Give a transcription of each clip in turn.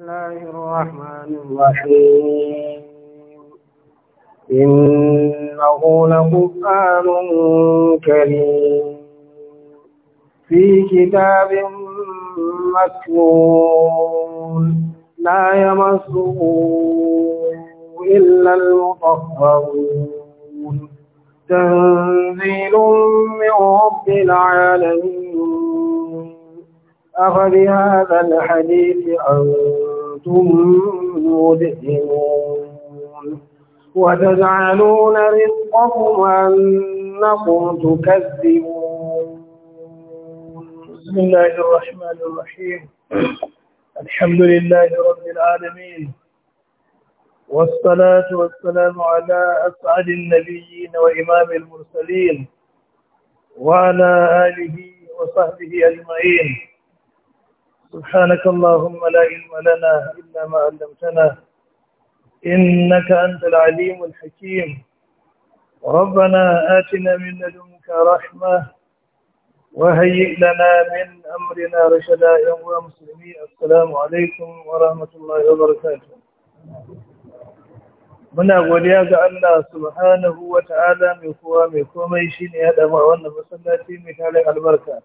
الله الرحمن الرحيم إنه لقرآن كريم في كتاب مكنون لا يمسه إلا المطهرون تنزيل من رب العالمين أفبهذا الحديث أنت أنتم مدهنون وتجعلون رزقكم أنكم تكذبون بسم الله الرحمن الرحيم الحمد لله رب العالمين والصلاة والسلام على أسعد النبيين وإمام المرسلين وعلى آله وصحبه أجمعين سبحانك اللهم لا علم لنا إلا ما علمتنا إنك أنت العليم الحكيم ربنا آتنا من لدنك رحمة وهيئ لنا من أمرنا رشدا يا مسلمين السلام عليكم ورحمة الله وبركاته muna godiya ga Allah subhanahu wa ta'ala mai kowa mai komai shine ya dama wannan masallaci mai tare albarka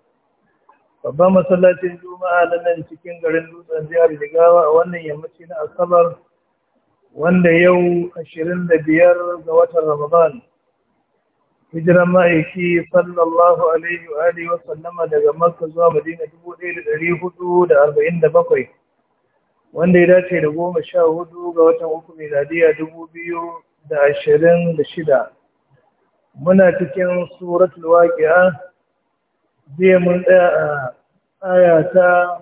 babban masallacin juma'a na nan cikin garin dutsen jihar jigawa a wannan yammaci na asabar wanda yau ashirin da biyar ga watan ramadan hijiran ma'aiki sallallahu alaihi wa alihi wa sallama daga makka zuwa madina dubu ɗaya da ɗari hudu da arba'in da bakwai wanda ya dace da goma sha hudu ga watan uku miladiya dubu biyu da ashirin da shida muna cikin suratul waƙi'a jiya mun tsaya a aya ta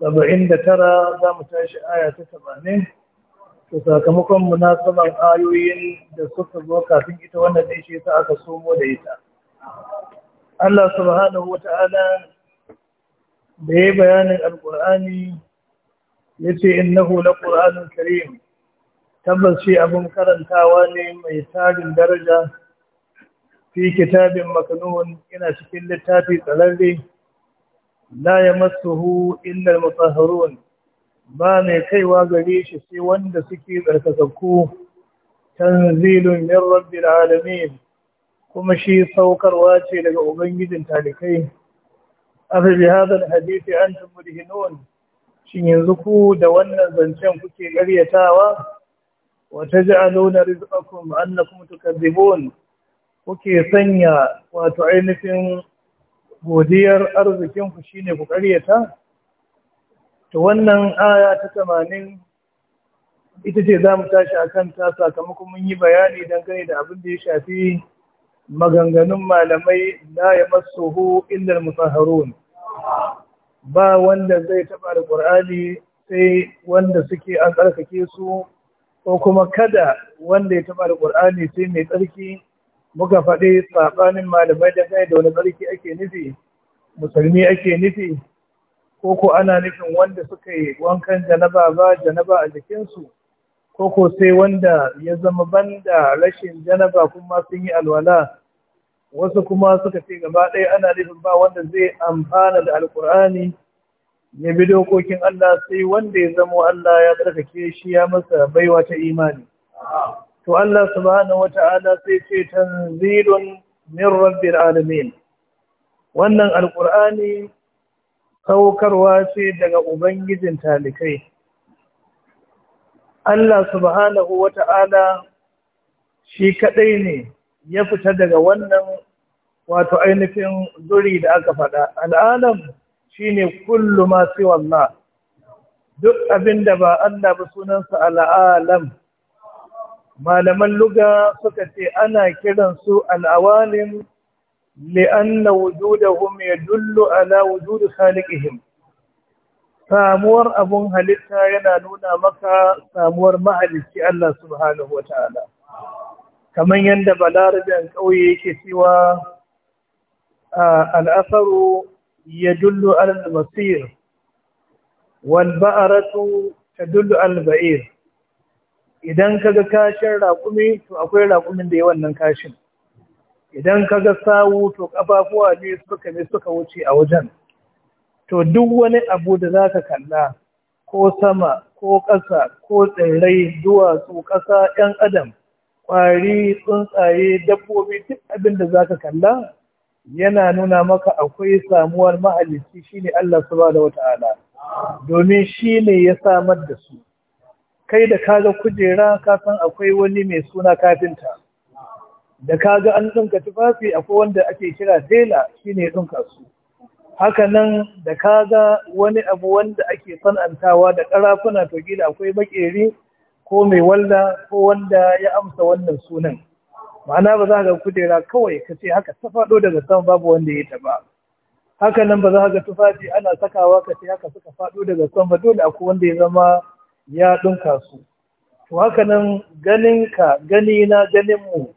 saba'in da tara za mu tashi aya ta saba'in to sakamakon munasaban ayoyin da suka zo kafin ita wannan da shi ta aka somo da ita Allah subhanahu wata'ala da ya bayanin alkur'ani ya ce innahu na ƙur'anin karim tabbas shi abin karantawa ne mai tarin daraja fi kitabin makanun ina cikin littafi tsararre la ya masuhu illar mutsaharun ba mai kaiwa gare shi sai wanda suke tsarkakakku tanzilun min rabbil alamin kuma shi saukarwa ce daga ubangijin talikai afa bi hadha alhadith antum mudhinun shin yanzu ku da wannan zancen kuke ƙaryatawa wa taj'aluna rizqakum annakum tukadzibun kuke sanya wato ainihin godiyar arzikinku shi ne ku karyata ta wannan aya ta tamanin ita ce za mu tashi a kanta sakamakon mun yi bayani dangane da abin da ya shafi maganganun malamai na ya illar illar musaharun. ba wanda zai taba alqur'ani sai wanda suke an tsarkake su ko kuma kada wanda ya taba da ƙur'ani sai mai tsarki muka faɗi saɓanin malamai da kai da wani tsarki ake nufi musulmi ake nufi ko ko ana nufin wanda suka yi wankan janaba ba janaba a jikinsu ko ko sai wanda ya zama banda rashin janaba kuma sun yi alwala wasu kuma suka ce gaba ɗaya ana nufin ba wanda zai amfana da alkur'ani ya bi dokokin Allah sai wanda ya zama Allah ya tsarkake shi ya masa baiwa ta imani. to Allah subhanahu wata'ala sai ce tanzilun min rabbil alamin wannan alqur'ani saukarwa ce daga ubangijin talikai Allah subhanahu wata'ala shi kadai ne ya fita daga wannan wato ainihin zuri da aka faɗa al'alam shine kullu ma siwa Allah duk abinda ba Allah ba sunansa al'alam malaman luga suka ce ana kiransu al'awalim li'anna wujudahum dullu ala wujud khaliqihim samuwar abun halitta yana nuna maka samuwar mahalicci Allah subhanahu wa ta'ala kamar yadda balarabin ƙauye yake cewa al'asaru ya dullu al-masir wal ba'aratu ta dullu al-ba'ir idan ka ga kashin raƙumi to akwai raƙumin da ya wannan kashin idan ka ga sawu to ƙafafuwa ne suka ne suka wuce a wajen to duk wani abu da za ka kalla ko sama ko ƙasa ko tsirrai duwatsu ƙasa 'yan adam ƙwari tsuntsaye dabbobi duk abin da za ka kalla yana nuna maka akwai samuwar mahalicci shine Allah da wata wata'ala domin shi ne ya samar da su kai da kaga kujera ka san akwai wani mai suna kafinta da kaga an dinka tufafi akwai wanda ake kira tela shine dinka su haka nan da kaga wani abu wanda ake san'antawa da karafuna to gida akwai makeri ko mai walla ko wanda ya amsa wannan sunan ma'ana ba za ka kujera kawai ka ce haka ta faɗo daga sama babu wanda ya taba haka ba za ka tufafi ana sakawa ka ce haka suka faɗo daga sama dole akwai wanda ya zama ya ɗunka su to haka nan ganinka gani na ganin mu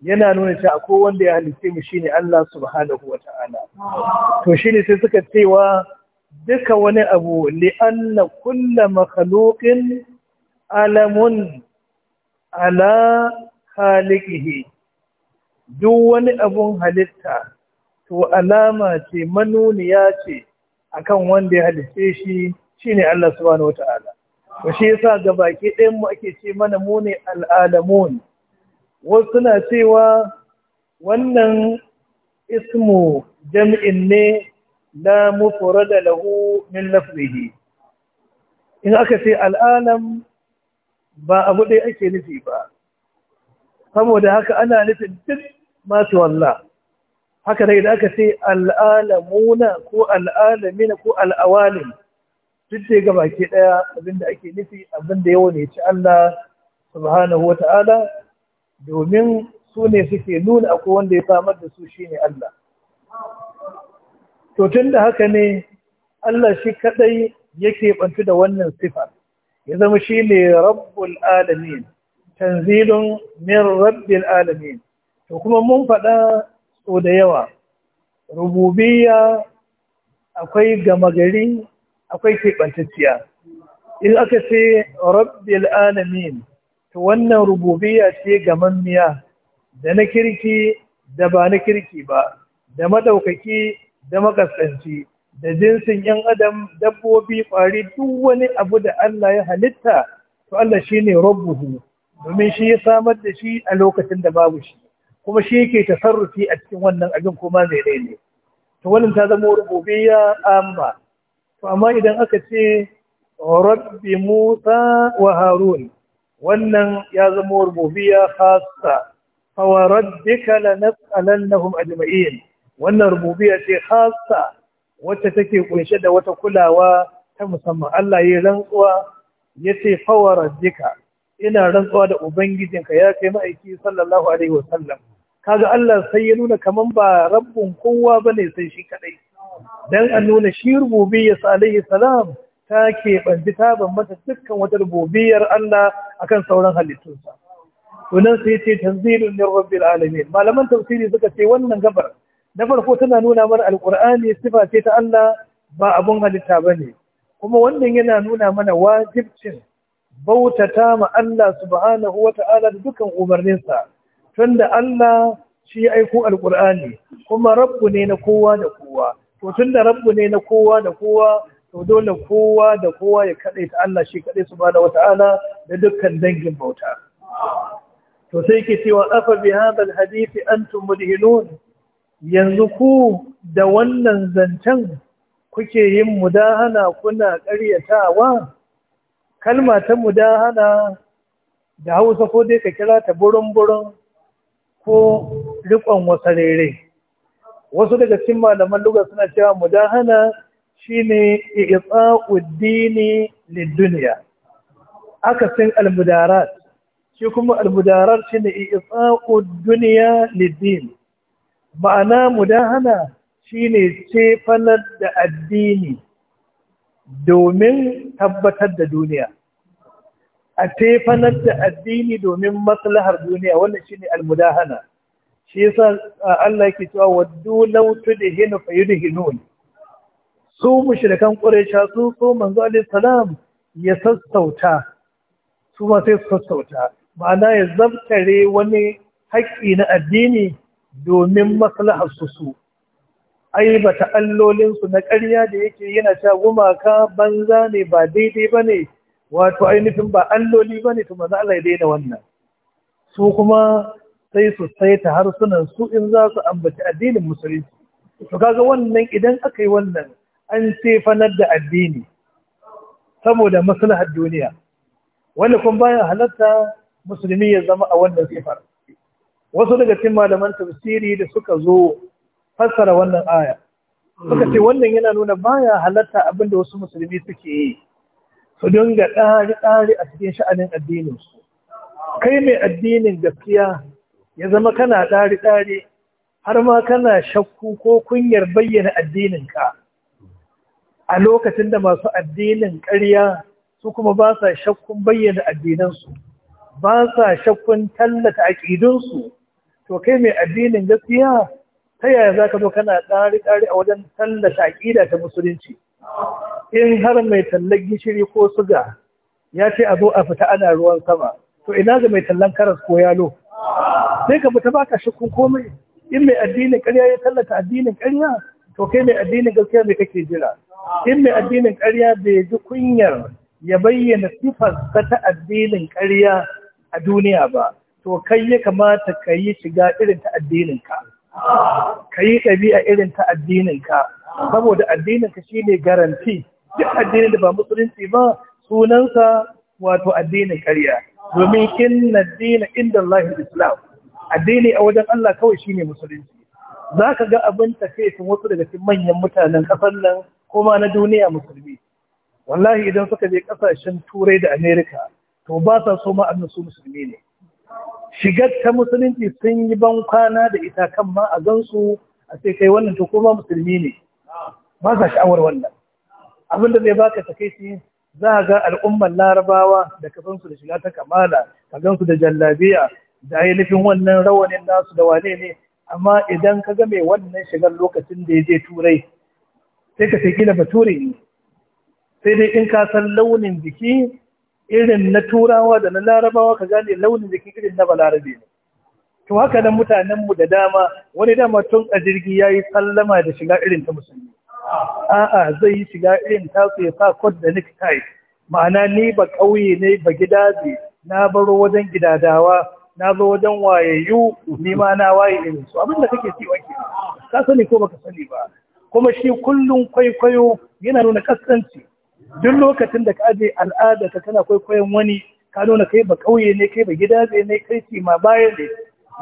yana nuna cewa a wanda ya halitta mu shi ne Allah subhanahu ta'ala. to shi ne sai suka cewa duka wani abu li anna kulla alamun ala halikihi duk wani abun halitta to alama ce manuniya ce akan wanda ya halitta shi shi ne Allah subhanahu ta'ala. to shi yasa ga baki ɗayan mu ake ce mana mu ne al'alamun wasu suna cewa wannan ismu jam'in ne la mufrada lahu min lafzihi in aka ce al'alam ba abu ɗaya ake nufi ba saboda haka ana nufin duk masu walla haka dai da aka ce al'alamuna ko al'alamina ko al'awalin duk da ga baki daya abinda ake nufi abinda yawa ya ci Allah subhanahu ta'ala domin su ne suke nuna akwai wanda ya samar da su shine Allah to tun da haka ne Allah shi kadai yake bantu da wannan sifa ya zama shine rabbul alamin tanzilun min rabbil alamin to kuma mun faɗa so da yawa rububiyya akwai gama gari akwai keɓantacciya in aka ce rabbil alamin to wannan rububiyya ce ga mammiya da na kirki da ba na kirki ba da maɗaukaki, da makasanci da jinsin yan adam dabbobi ƙwari duk wani abu da Allah ya halitta to Allah shi ne rabbuhu domin shi ya samar da shi a lokacin da babu shi kuma shi yake tasarrufi a cikin wannan abin kuma mai ne to wannan ta zama rububiyya amma amma idan aka ce rabbi musa wa harun wannan ya zama rububiyya khassa fa rabbika lanas'alannahum ajma'in wannan rububiyya ce khassa wacce take kunshe da wata kulawa ta musamman Allah ya rantsuwa yace fa rabbika ina rantsuwa da ubangijinka ya kai ma'aiki sallallahu alaihi wasallam kaga Allah sai ya nuna kaman ba rabbun kowa bane sai shi kadai dan an nuna shi rububiyyar alaihi salam ta keɓanci ta mata dukkan wata rububiyar Allah akan sauran halittunsa to nan sai ce tanzilun min rabbil alamin malaman tafsiri suka ce wannan gabar na farko tana nuna mana alqur'ani sifa ce ta Allah ba abun halitta ba ne. kuma wannan yana nuna mana wajibcin bautata ma Allah subhanahu wata'ala da dukkan umarninsa tunda Allah shi aiko alqur'ani kuma rabbu ne na kowa da kowa to tun da rabbu ne na kowa da kowa to dole kowa da kowa ya kaɗe ta Allah shi kaɗai su ba da wata'ala da dukkan dangin bauta. To sai ke cewa afa bi hadal hadisi an mudhinun yanzu ku da wannan zancen kuke yin mudahana kuna ƙaryatawa kalma ta mudahana da hausa ko dai ka kira ta burin burin ko riƙon wasarere wasu daga cikin malaman lugha suna cewa mudahana shine iqsa'u dini aka san almudarat shi kuma almudarat shine iqsa'u dunya lidin ma'ana mudahana shine cefanar da addini domin tabbatar da duniya a tefanar da addini domin maslahar duniya wannan shine almudahana shi yasa Allah yake cewa waddu law tudhinu fayudhinun su mushrikan quraisha su so manzo alaihi salam ya sassauta su ma sai su sassauta ma'ana ya zabtare wani haƙƙi na addini domin maslahar su su ai ba ta allolin su na ƙarya da yake yana cewa gumaka banza ne ba daidai bane wato ainihin ba alloli bane to manzo Allah ya daina wannan su kuma sai su saita harsunan su in za su ambaci addinin musulunci to kaga wannan idan aka yi wannan an cefanar da addini saboda maslahar duniya wanda kuma bayan halatta musulmi ya zama a wannan sifar wasu daga cikin malaman tafsiri da suka zo fassara wannan aya suka ce wannan yana nuna baya halatta abin da wasu musulmi suke yi su dinga ɗari-ɗari a cikin sha'anin addininsu kai mai addinin gaskiya ya zama kana ɗari-ɗari har ma kana shakku ko kunyar bayyana addininka a lokacin da masu addinin ƙarya su kuma ba sa shakkun bayyana addinansu ba sa shakkun tallata aƙidunsu to kai mai addinin gaskiya ta yaya za ka zo kana ɗari-ɗari a wajen tallata aƙida ta musulunci in har mai tallar gishiri ko suga ya ce a zo a fita ana ruwan sama to ina ga mai tallan karas ko yalo sai ka mutu baka shakkun komai in mai addinin karya ya tallata addinin karya? to kai mai addinin gaskiya mai kake jira in mai addinin ƙarya bai ji kunyar ya bayyana ka ta addinin karya a duniya ba to kai ya kamata ka yi shiga irin ta addinin ka ka yi ɗabi'a irin ta addinin ka saboda addinin ka shine garanti duk addinin da ba musulunci ba sunansa wato addinin karya. domin kin na dina inda Allah islam addini a wajen Allah kawai shine musulunci za ka ga abin tafiyacin wasu daga cikin manyan mutanen ƙasar nan kuma na duniya musulmi wallahi idan suka je ƙasashen turai da amerika to ba sa so ma su musulmi ne shigar ta musulunci sun yi ban kwana da ita kan ma a gansu a sai kai wannan to kuma musulmi ne ba sa sha'awar wannan abin da zai baka takaici za a ga al'ummar larabawa da kasansu da shiga ta kamala ka gansu da jallabiya da nufin wannan rawanin nasu da wane ne amma idan ka ga mai wannan shigar lokacin da ya je turai sai ka sai ba ture ne sai dai in ka san launin jiki irin na turawa da na larabawa ka gane launin jiki irin na balarabe ne to haka nan mutanenmu da dama wani dama tun a jirgi ya yi sallama da shiga irin ta musulmi a'a zai yi shiga irin tasu ya sa kod da necktie ma'ana ni ba ƙauye ne ba gida ne na baro wajen gidadawa na zo wajen wayayyu ni ma na waye ne su abin da kake cewa ke ka sani ko baka sani ba kuma shi kullum kwaikwayo yana nuna kaskanci duk lokacin da ka aje al'ada ka kana kwaikwayon wani ka nuna kai ba kauye ne kai ba gidaje ne kai ce ma baya ne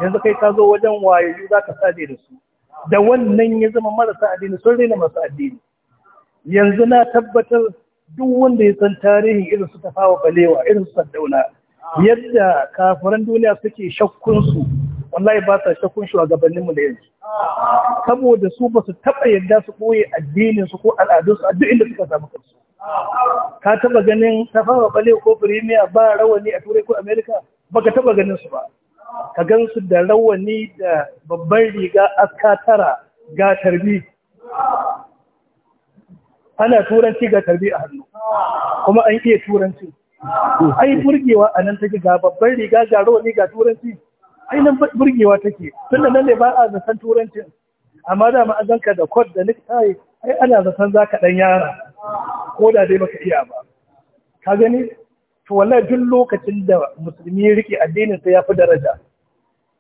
yanzu kai ka zo wajen wayayyu za ka da su da wannan ya zama marasa addini sun rena masu addini yanzu na tabbatar duk wanda ya san tarihin irin su tafawa balewa irin su sadaula yadda kafiran duniya suke shakkunsu wallahi ba ta shakkun shugabanninmu da yanzu saboda su ba su taɓa yadda su ɓoye addininsu ko al'adunsu a duk inda suka samu kansu ka taɓa ganin ta fara ɓale ko firimiya ba rawani a turai ko amerika ba ka taɓa ganin su ba ka gan su da rawani da babban riga aska tara ga tarbi ana turanci ga tarbi a hannu kuma an iya turanci ai burgewa a nan take ga babban riga ga rawani ga turanci ai nan burgewa take tunda nan ne ba a zaton turanci amma da ma'azanka da kod da niktai ai ana zaton za ka ɗan yara ko da dai baka iya ba ka gani to wallahi duk lokacin da musulmi rike addinin sa ya fi daraja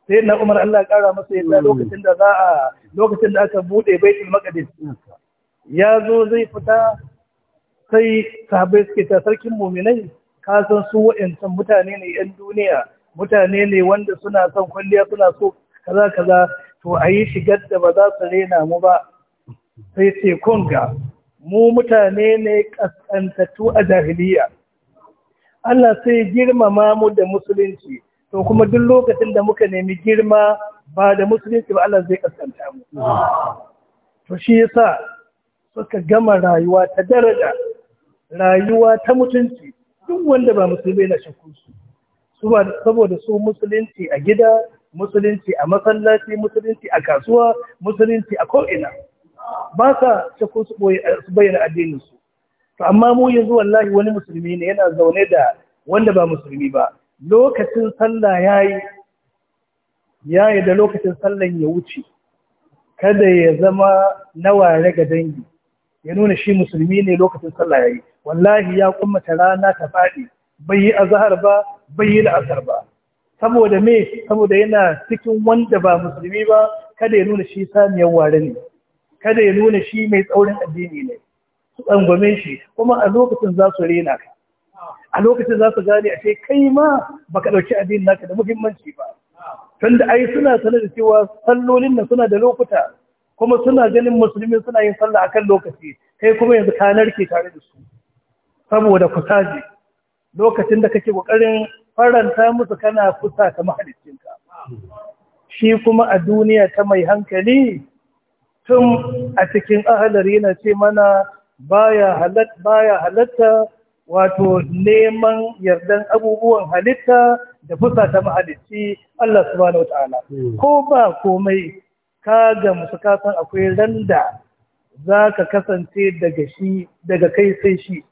sai na umar Allah ya kara masa yadda lokacin da za lokacin da aka buɗe baitul maqdis ya zo zai fita sai sahabbai suke ta sarkin muminai ka san su waɗancan mutane ne yan duniya mutane ne wanda suna son kwalliya suna so kaza kaza to a yi shigar da ba za su rena mu ba sai ce kunga mu mutane ne kaskantattu a jahiliya Allah sai girmama mu da musulunci to kuma duk lokacin da muka nemi girma ba da musulunci ba Allah zai kaskanta mu to shi yasa suka gama rayuwa ta daraja rayuwa ta mutunci duk wanda ba musulmi yana shakku su saboda su musulunci a gida musulunci a masallaci musulunci a kasuwa musulunci a ko'ina ba sa shakku su bayyana addinin su to amma mu yanzu wallahi wani musulmi ne yana zaune da wanda ba musulmi ba lokacin sallah yayi yayi da lokacin sallan ya wuce kada ya zama nawa ware ga dangi ya nuna shi musulmi ne lokacin sallah yayi wallahi ya kummata rana ta faɗi bai yi azhar ba bai yi la'asar ba saboda me saboda yana cikin wanda ba musulmi ba kada ya nuna shi saniyar ware ne kada ya nuna shi mai tsaurin addini ne su tsangwame shi kuma a lokacin za su rena ka a lokacin za su gane a ce kai ma baka ɗauki addini naka da muhimmanci ba tunda ai suna sanar da cewa sallolin nan suna da lokuta kuma suna ganin musulmi suna yin sallah akan lokaci kai kuma yanzu ka narke tare da su saboda kusaji lokacin da kake kokarin faranta musu kana kusa ta ka. shi kuma a duniya ta mai hankali tun a cikin ahalar yana ce mana baya halat baya halatta wato neman yardan abubuwan halitta da fusa ta mahalicci Allah subhanahu wataala hmm. ko ba komai ka ga musu kasan akwai randa za ka kasance daga shi daga kai sai shi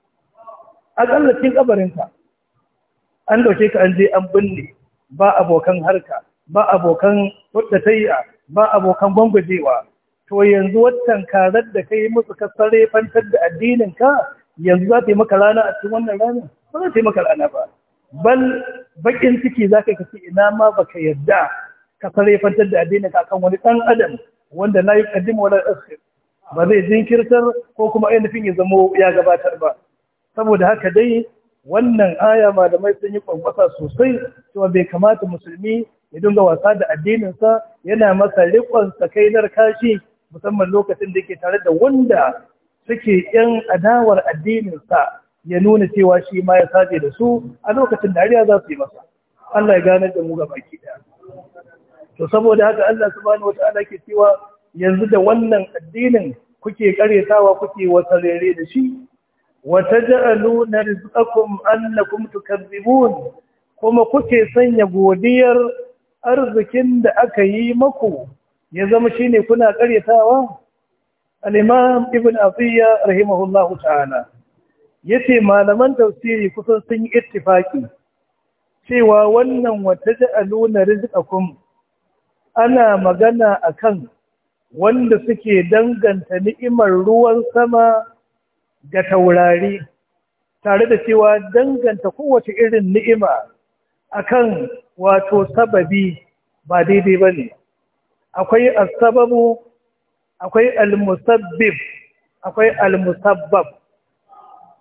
a tsallakin kabarinka an dauke ka an je an binne ba abokan harka ba abokan wadda ba abokan gwangwajewa to yanzu watan karar da kai musu kasar fantar da addininka yanzu za ta yi maka rana a cikin wannan rana ba za ta yi maka rana ba bal bakin ciki za ka kace ina ma baka yarda ka sare fantar da addininka akan wani ɗan adam wanda na yi wala akhir ba zai jinkirtar ko kuma ainihin ya zamo ya gabatar ba saboda haka dai wannan aya malamai sun yi kwankwasa sosai cewa bai kamata musulmi ya dinga wasa da addininsa yana masa rikon sakainar kashi musamman lokacin da yake tare da wanda suke yan adawar addininsa ya nuna cewa shi ma ya saje da su a lokacin dariya za su yi masa Allah ya gane da mu ga baki to saboda haka Allah subhanahu wataala ke cewa yanzu da wannan addinin kuke karetawa kuke wasarere da shi وتجعلون رزقكم أنكم تكذبون kuma kuke sanya godiyar arzikin da aka yi maku ya zama shine kuna karyatawa al-imam ibn atiyya rahimahullahu ta'ala yace malaman tafsiri kusan sun yi ittifaki cewa wannan wata ja'aluna rizqakum ana magana akan wanda suke danganta ni'imar ruwan sama da taurari tare da cewa danganta kowace irin ni'ima akan wato sababi ba daidai ba ne akwai asababu akwai almusabbib akwai almusabbab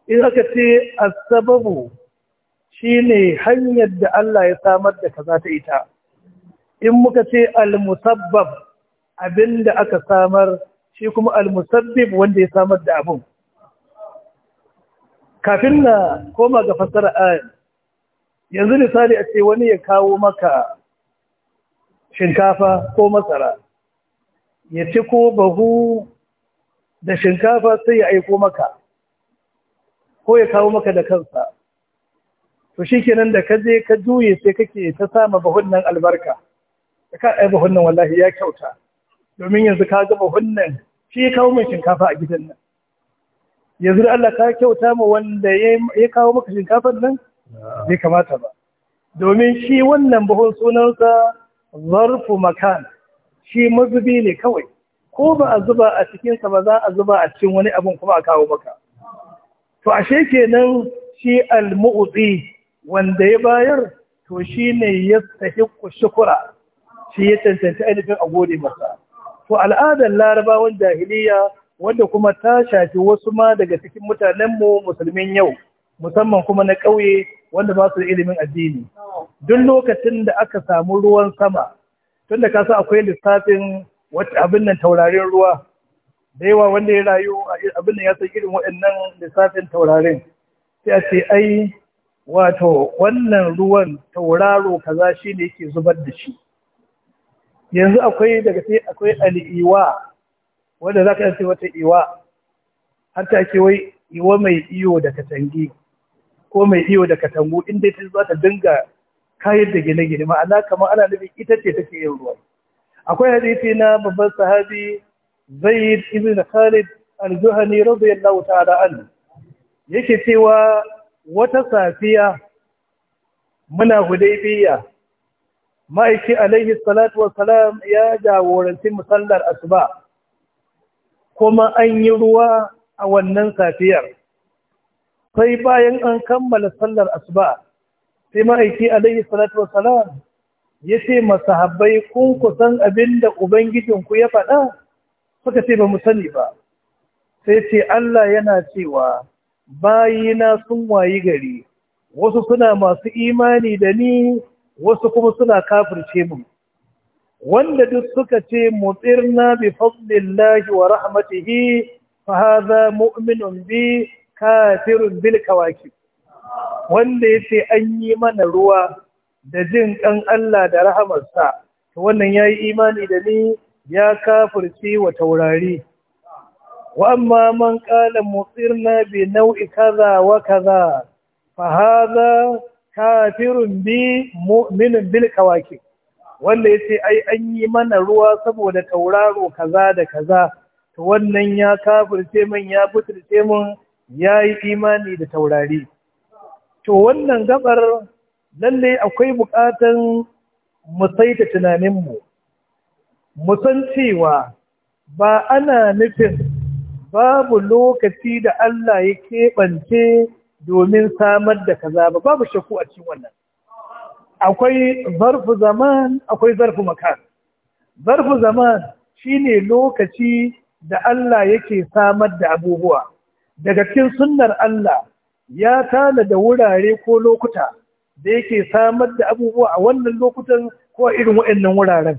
in aka ce asababu shine hanyar da Allah ya samar da kaza ta ita in muka ce almusabbab abinda aka samar shi kuma almusabbib wanda ya samar da abin. kafin na koma ga fasara ayin yanzu misali a ce wani ya kawo maka shinkafa ko masara ya ci ko bahu da shinkafa sai ya aiko maka ko ya kawo maka da kansa to shi kenan da ka je ka juye sai kake ta sama bahun albarka da ka ɗaya bahun wallahi ya kyauta domin yanzu ka ga bahun shi ya kawo mai shinkafa a gidan nan yanzu Allah ka kyauta mu wanda ya kawo maka shinkafar nan bai kamata ba domin shi wannan buhun sunansa zarfu makan shi mazubi ne kawai ko ba a zuba a cikinsa ba za a zuba a cikin wani abin kuma a kawo maka to ashe kenan shi almu'ti wanda ya bayar to shi ne ya sahiqu shukura shi ya tantance ainihin a gode masa to al'adar larabawan jahiliya Wanda kuma ta shafi wasu ma daga cikin mutanenmu musulmin yau musamman kuma na ƙauye wanda ba su da ilimin addini duk lokacin da aka samu ruwan sama tunda ka sa akwai lissafin wata abin nan taurarin ruwa da yawa wanda ya rayu abin nan ya san irin waɗannan lissafin taurarin sai a ce ai wato wannan ruwan tauraro kaza shi ne yake zubar da shi yanzu akwai daga sai akwai al'iwa wanda za ka yi wata iwa har ta ke wai iwa mai iyo da katangi ko mai iyo da katangu inda ta za ta dinga kayan da gine-gine ma'ana kamar ana nufin ita ce take yin ruwa akwai hadisi na babban sahabi zaid ibn khalid al-juhani radiyallahu ta'ala an yake cewa wata safiya muna hudaybiya ma'aiki alaihi salatu wassalam ya jagoranci musallar asuba kuma an yi ruwa a wannan safiyar sai bayan an kammala sallar asuba sai ma'aiki alaihi salatu Salam ya ce masahabbai kun kusan abin da ubangijinku ya faɗa suka ce ba mu sani ba sai ce Allah yana cewa bayina sun wayi gari wasu suna masu imani da ni wasu kuma suna kafirce mu wanda duk suka ce mutsirna bi fadlillahi wa rahmatihi fa hadha mu'minun bi kafirun bil kawaki wanda yace an yi mana ruwa da jin kan Allah da rahamarsa to wannan yayi imani da ni ya kafirci wa taurari wa amma man qala mutsirna bi nau'i kaza wa kaza fa hadha kafirun bi mu'minun bil kawaki wanda ya ce ai an yi mana ruwa saboda tauraro kaza da kaza to wannan ya kafirce min ya fitirce min ya yi imani da taurari to wannan gabar lalle akwai bukatan mu saita tunaninmu mu san cewa ba ana nufin babu lokaci da Allah ya keɓance domin samar da kaza ba babu shakku a cikin wannan akwai zarfu zaman akwai zarfu makan zarfu zaman shine lokaci da Allah yake samar da abubuwa daga cikin sunnar Allah ya tana da wurare ko lokuta da yake samar da abubuwa a wannan lokutan ko irin waɗannan wuraren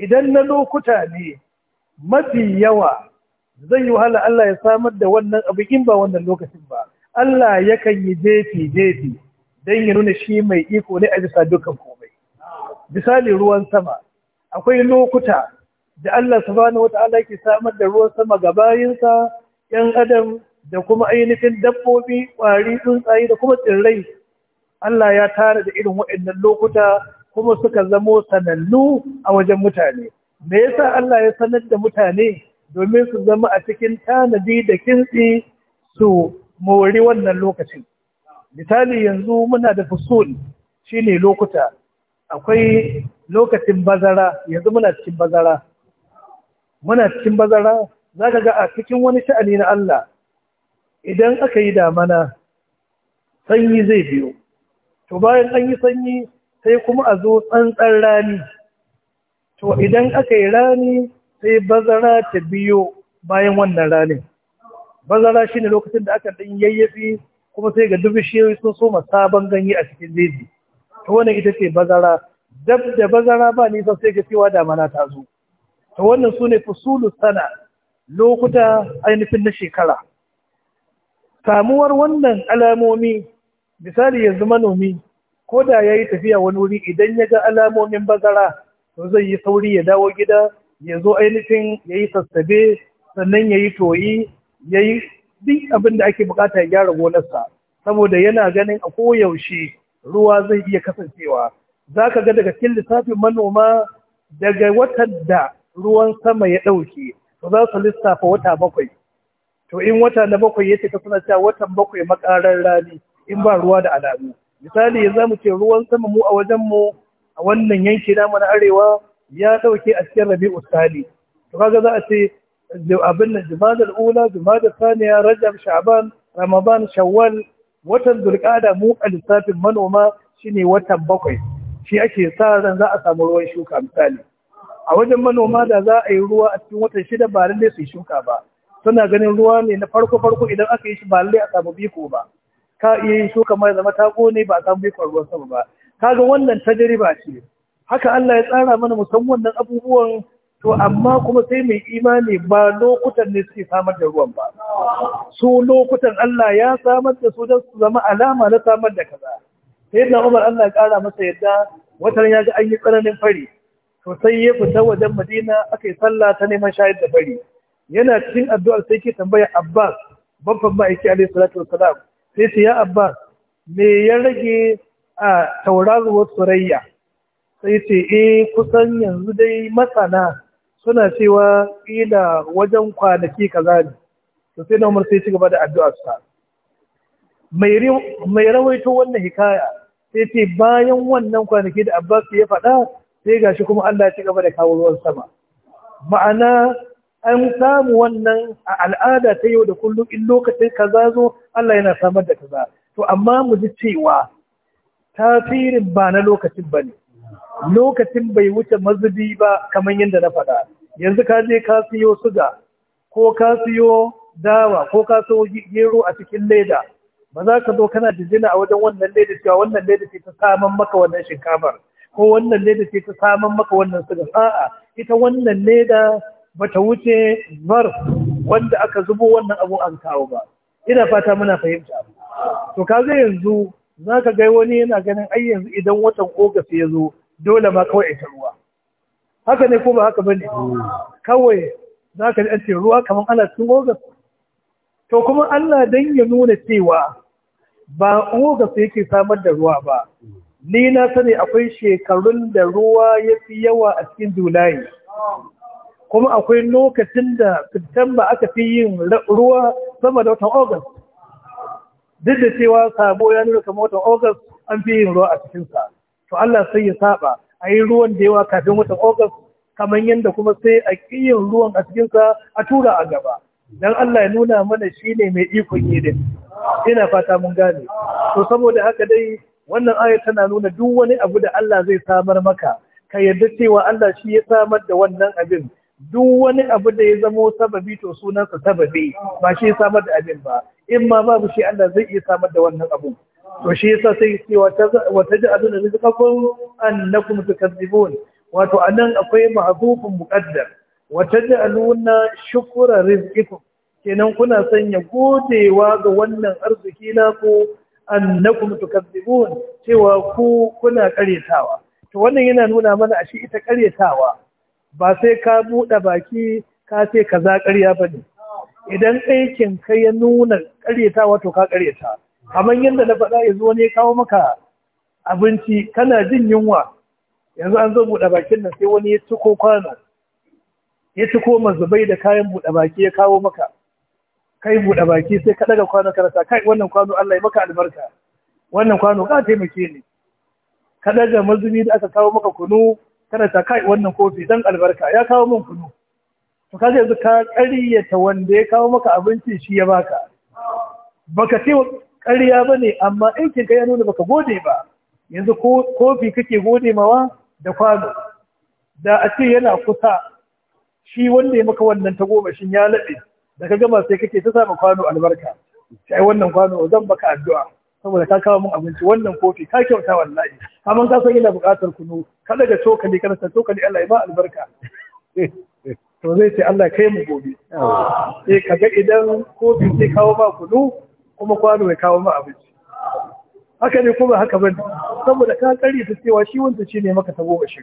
idan na lokuta ne mafi yawa zai yi wahala Allah ya samar da wannan abu in ba wannan lokacin ba Allah yakan yi jefi jefi don ya nuna shi mai iko ne a bisa dukkan komai misali ruwan sama akwai lokuta da Allah subhanahu wata'ala ke samar da ruwan sama ga bayinsa yan adam da kuma ainihin dabbobi ƙwari tsuntsaye da kuma tsirrai Allah ya tara da irin waɗannan lokuta kuma suka zamo sanannu a wajen mutane me yasa Allah ya sanar da mutane domin su zama a cikin tanadi da kintsi su mori wannan lokacin misali yanzu muna da fusul ne lokuta akwai lokacin bazara yanzu muna cikin bazara muna cikin bazara zaka ga a cikin wani sha'ani na Allah idan aka yi damana sanyi zai biyo to bayan an yi sanyi sai kuma a zo tsantsan rani to idan aka yi rani sai bazara ta biyo bayan wannan ranin bazara shi ne lokacin da aka ɗin yayyafi kuma sai ga dubu shiyoyi sun soma sabon ganye a cikin jeji ta wannan ita ce bazara dab da bazara ba nisa sai ga cewa damana ta zo ta wannan su ne fusulu sana lokuta ainihin na shekara samuwar wannan alamomi misali yanzu manomi ko da ya yi tafiya wani wuri idan ya ga alamomin bazara to zai yi sauri ya dawo gida ya zo ainihin ya yi sassabe sannan ya yi toyi ya duk abin da ake bukata ya gyara gonarsa saboda yana ganin a koyaushe ruwa zai iya kasancewa za ka ga daga cikin lissafin manoma daga watan da ruwan sama ya ɗauke to za su lissafa wata bakwai to in wata na bakwai ya cika suna cewa watan bakwai makarar rani in ba ruwa da alamu misali ya zamu ce ruwan sama mu a wajen mu a wannan yanki namu na arewa ya ɗauke a cikin rabi'u sali to kaga za a ce abin jumadar ula jumadar saniya rajab sha'ban ramadan shawwal watan zulqada mu a lissafin manoma shine watan bakwai shi ake sa ran za a samu ruwan shuka misali a wajen manoma da za a yi ruwa a cikin watan shida ba lallai su shuka ba suna ganin ruwa ne na farko farko idan aka yi shi ba lallai a samu biko ba ka iya yin shuka mai zama ta ne ba a samu bikon ruwan sama ba kaga wannan tajriba ce haka Allah ya tsara mana musamman wannan abubuwan to amma kuma sai mai imani ba lokutan ne suke samar da ruwan ba su lokutan Allah ya samar da su don su zama alama na samar da kaza sai na Umar Allah ya kara masa yadda watan ya ga an yi tsananin fari to sai ya fita wajen Madina aka yi sallah ta neman shayar da fari yana cikin addu'ar sai ke tambaya Abbas babban ma'aiki alaihi salatu wassalam sai ce ya Abbas me ya rage a tauraruwar surayya sai ce eh kusan yanzu dai masana suna cewa ƙila wajen kwanaki kaza ne to sai na umar sai ci gaba da mai rawaito wannan hikaya sai ce bayan wannan kwanaki da abbas ya faɗa sai gashi kuma allah ci gaba da kawo ruwan sama ma'ana an samu wannan a al'ada ta yau da kullum in lokacin kaza zo allah yana samar da kaza to amma mu ji cewa tasirin ba na lokacin ba ne lokacin bai wuce mazubi ba kamar yadda na faɗa yanzu ka je ka siyo suga ko ka siyo dawa ko ka siyo gero a cikin leda ba za ka zo kana jijjina a wajen wannan leda cewa wannan leda ce ta saman maka wannan shinkafar ko wannan leda ce ta saman maka wannan suga? a'a ita wannan leda bata wuce var wanda aka zubo wannan abu an kawo ba ina fata muna fahimta to kaga yanzu zaka ga wani yana ganin ai yanzu idan watan ogas ya zo dole ma kawai ita ruwa haka ne ko ba haka bane kawai za ka ji ruwa kamar ana cikin ogas to kuma Allah dan ya nuna cewa ba ogas yake samar da ruwa ba ni na sani akwai shekarun da ruwa ya fi yawa a cikin julai kuma akwai lokacin da Septemba aka fi yin ruwa sama da watan Ogas? Duk da cewa sabo ya nuna kamar watan Ogas an fi yin ruwa a cikinsa. To Allah sai ya saba. a yi ruwan da yawa kafin watan ogas kamar yadda kuma sai a kiyin ruwan a cikinsa a tura a gaba. Don Allah ya nuna mana shi ne mai ikon yi din. Ina fata mun gane. To saboda haka dai wannan ayat tana nuna duk wani abu da Allah zai samar maka. Ka yarda cewa Allah shi ya samar da wannan abin. duk wani abu da ya zamo sababi to sunansa sababi ba shi samar da abin ba in ma babu shi Allah zai iya samar da wannan abu to shi yasa sai ce wata ja'aluna rizqakum annakum tukadzibun wato anan akwai mahdhufun muqaddar wata ja'aluna shukura rizqikum kenan kuna sanya godewa ga wannan arziki na ku annakum tukadzibun cewa ku kuna karyatawa to wannan yana nuna mana a shi ita karyatawa ba sai ka buɗe baki ka ce kaza ƙarya bane idan aikin ka ya nuna karyatawa to ka karyata kamar yadda na faɗa yanzu wani ya kawo maka abinci kana jin yunwa yanzu an zo buɗe bakin nan sai wani ya ciko kwano ya ciko mazubai da kayan buɗe baki ya kawo maka kai buɗe baki sai ka ɗaga kwano ka rasa kai wannan kwano Allah ya maka albarka wannan kwano ka taimake ni ka ɗaga mazubi da aka kawo maka kunu ka rasa kai wannan kofi dan albarka ya kawo min kunu to kaga yanzu ka ƙaryata wanda ya kawo maka abinci shi ya baka baka ce ƙarya ba ne amma aikin ka ya nuna ba ka gode ba yanzu kofi kake gode mawa da kwano da a ce yana kusa shi wanda ya maka wannan ta goma shi ya laɗe da ka gama sai kake ta sa kwano albarka sai wannan kwano zan baka addu'a saboda ka kawo min abinci wannan kofi ka kyauta wallahi amma ka san ina buƙatar kunu ka daga cokali ka nasa cokali Allah ya ba albarka to zai ce Allah kai mu gobe E eh, kaga idan kofi sai kawo ba kunu kuma kwano mai kawo ma abinci haka ne kuma haka bane saboda ka kare ta cewa shi wanda shi ne maka tabo shi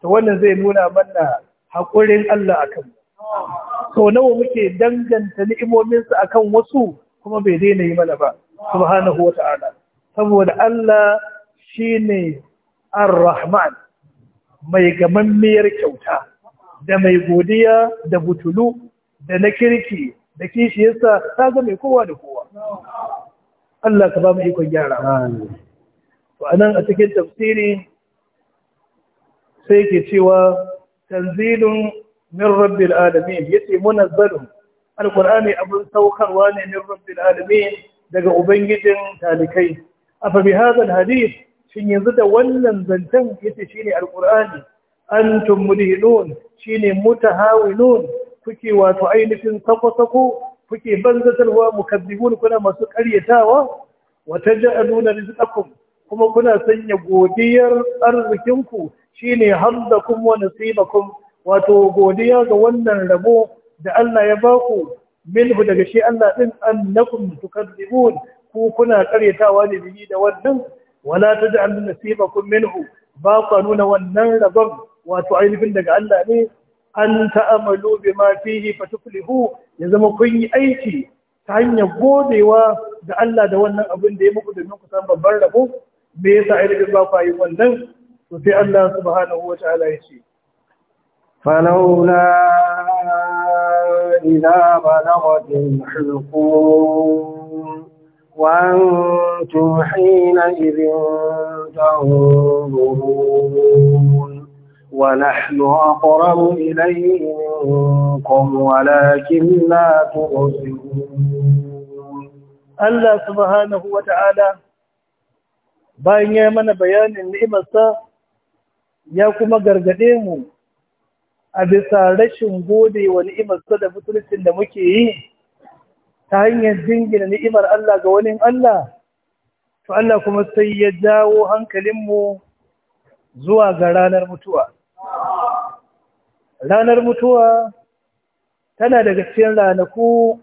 to wannan zai nuna mana haƙurin Allah akan sau nawa muke danganta ni'imominsa akan wasu kuma bai daina yi mana ba subhanahu wa ta'ala saboda Allah shine ar-rahman mai gamammiyar kyauta da mai godiya da butulu da na kirki da kishiyarsa ta zama kowa da kowa Allah ka ba mu ikon gyara to anan a cikin tafsiri sai ke cewa tanzilun min rabbil alamin yace munazzalun alqur'ani abun saukarwa ne min rabbil alamin daga ubangijin talikai afa bi hadal hadith shin yanzu da wannan zancen yace shine alqur'ani antum mudhilun shine mutahawilun kuke wato ainihin sako-sako kuke banzatarwa mukazzibun kuna masu karyatawa wa taj'aluna rizqakum kuma kuna sanya godiyar arzikinku shine hamdakum wa nasibakum wato godiya ga wannan rabo da Allah ya baku minhu daga shi Allah din annakum tukadzibun ku kuna karyatawa ne biyi da wannan wala taj'aluna nasibakum minhu ba ku nuna wannan rabon wato ainihin daga Allah ne an ta'amalu bima fihi fatuflihu ya zama kun yi aiki ta hanyar godewa da Allah da wannan abin da ya muku da ku san babban rabo me yasa ai da ba ku yi wannan to sai Allah subhanahu wa ta'ala ya ce فلولا إذا wa antum hina idhin تنظرون ونحن أقرب إليه منكم ولكن لا تؤذون الله سبحانه وتعالى bayan ya mana bayanin ni'imarsa ya kuma gargade mu a bisa rashin gode wa ni'imarsa da mutuncin da muke yi ta hanyar jingina ni'imar Allah ga wani Allah to Allah kuma sai ya jawo hankalinmu zuwa ga ranar mutuwa ranar mutuwa tana daga cikin ranaku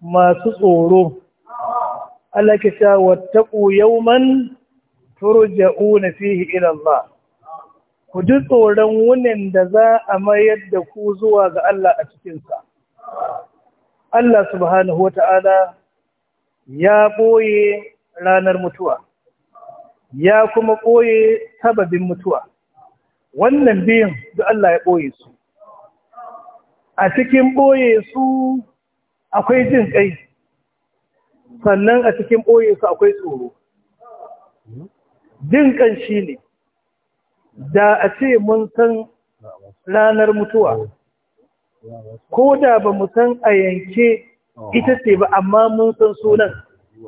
masu tsoro Allah ke man wattaqu yawman turja'una fihi irin ba. ku ji tsoron wunin da za a mayar da ku zuwa ga Allah a cikinsa Allah subhanahu wata'ala ya ɓoye ranar mutuwa ya kuma ɓoye sababin mutuwa wannan biyun da Allah ya ɓoye su a cikin ɓoye su akwai jin ƙai sannan a cikin ɓoye su akwai tsoro jin ƙan shi ne da a ce mun san ranar mutuwa ko da ba mu san a yanke ita ce ba amma mun san sunan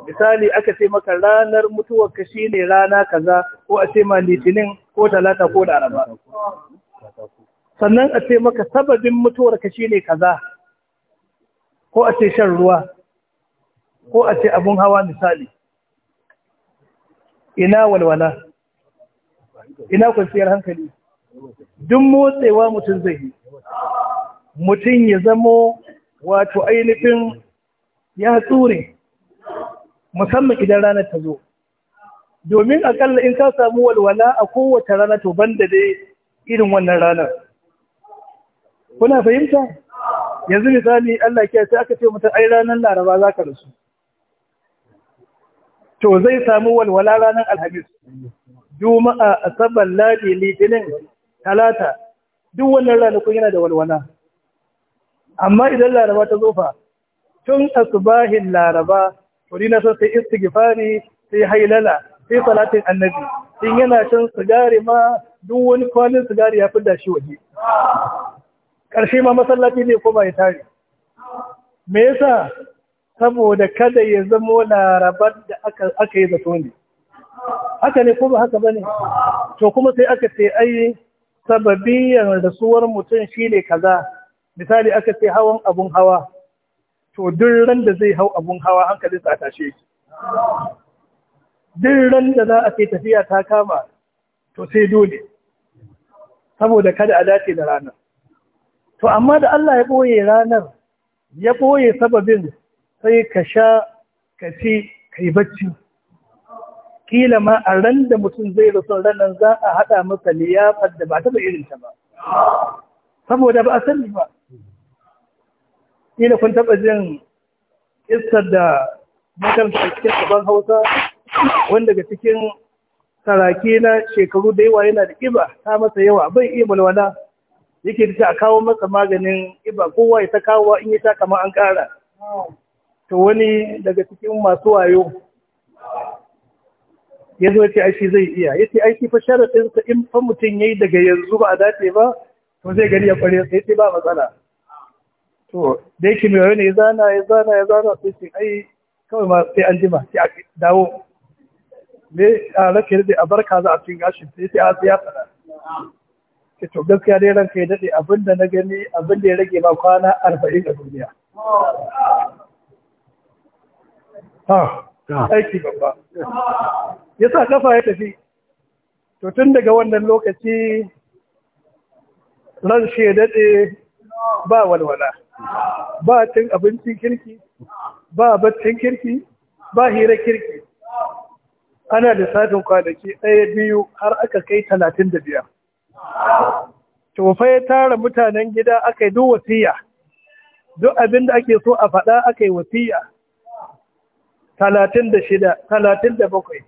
misali aka ce maka ranar mutuwar ka shi ne rana kaza ko a ce ma litinin ko talata ko da araba sannan a ce maka sababin mutuwar ka shine kaza ko a ce shan ruwa ko a ce abun hawa misali ina walwala ina kwanciyar hankali duk motsewa mutum zai yi mutum ya zamo wato ainihin ya tsure musamman idan ranar ta zo domin akalla in ka samu walwala a kowace rana to banda dai irin wannan ranar kuna fahimta yanzu misali Allah ke sai aka ce mutu ai ranar laraba za ka rasu to zai samu walwala ranar alhamis juma'a asabar ladi litinin talata duk wannan ranakun yana da walwala amma idan laraba ta zofa tun asubahin laraba to ni na san sai istighfari sai hailala sai salatin annabi in yana shan sigari ma duk wani kwanin sigari ya fi da shi waje ƙarshe ma masallaci ne kuma ya tare me yasa saboda kada ya zamo larabar da aka yi zato ne haka ne ko ba haka bane to kuma sai aka ce ai sababiyan rasuwar mutum shi ne kaza misali aka ce hawan abun hawa to duk ran da zai hau abun hawa hankali sa tashe shi duk ran da za a ce tafiya ta kama to sai dole saboda kada a dace da rana to amma da Allah ya ɓoye ranar ya ɓoye sababin sai ka sha ka ka yi bacci kila ma a ran da mutum zai rasu ranar za a haɗa masa liyafar da ba taɓa irinta ba saboda ba a sani ba kila kun taɓa jin istar da makaranta cikin gaban hausa wanda ga cikin saraki na shekaru da yawa yana da ƙiba ta masa yawa bai iya yake ta a kawo masa maganin iba kowa ya ta kawo in ya sha kamar an ƙara to wani daga cikin masu wayo ya zo ce aiki zai iya ya ce aiki fa sharaɗinsa in fa mutum ya yi daga yanzu ba a dace ba to zai gari ya kware sai ce ba matsala to da yake mai wani ya zana ya zana ya zana sai ce ai kawai ma sai an jima sai a dawo me a rafe da a barka za a cin gashin sai sai a tsaya fara ke to gaskiya dai ranka ya daɗe abinda na gani abinda ya rage ma kwana arba'in a duniya Ha, aiki babba ya sa kafa ya tafi to tun daga wannan lokaci ran shi ya daɗe ba walwala ba cin abincin kirki ba baccin kirki ba hira kirki ana da satin kwanaki ɗaya biyu har aka kai talatin da biyar to fa ya tara mutanen gida aka yi duk wasiya duk abin da ake so a faɗa aka yi wasiya talatin da shida talatin da bakwai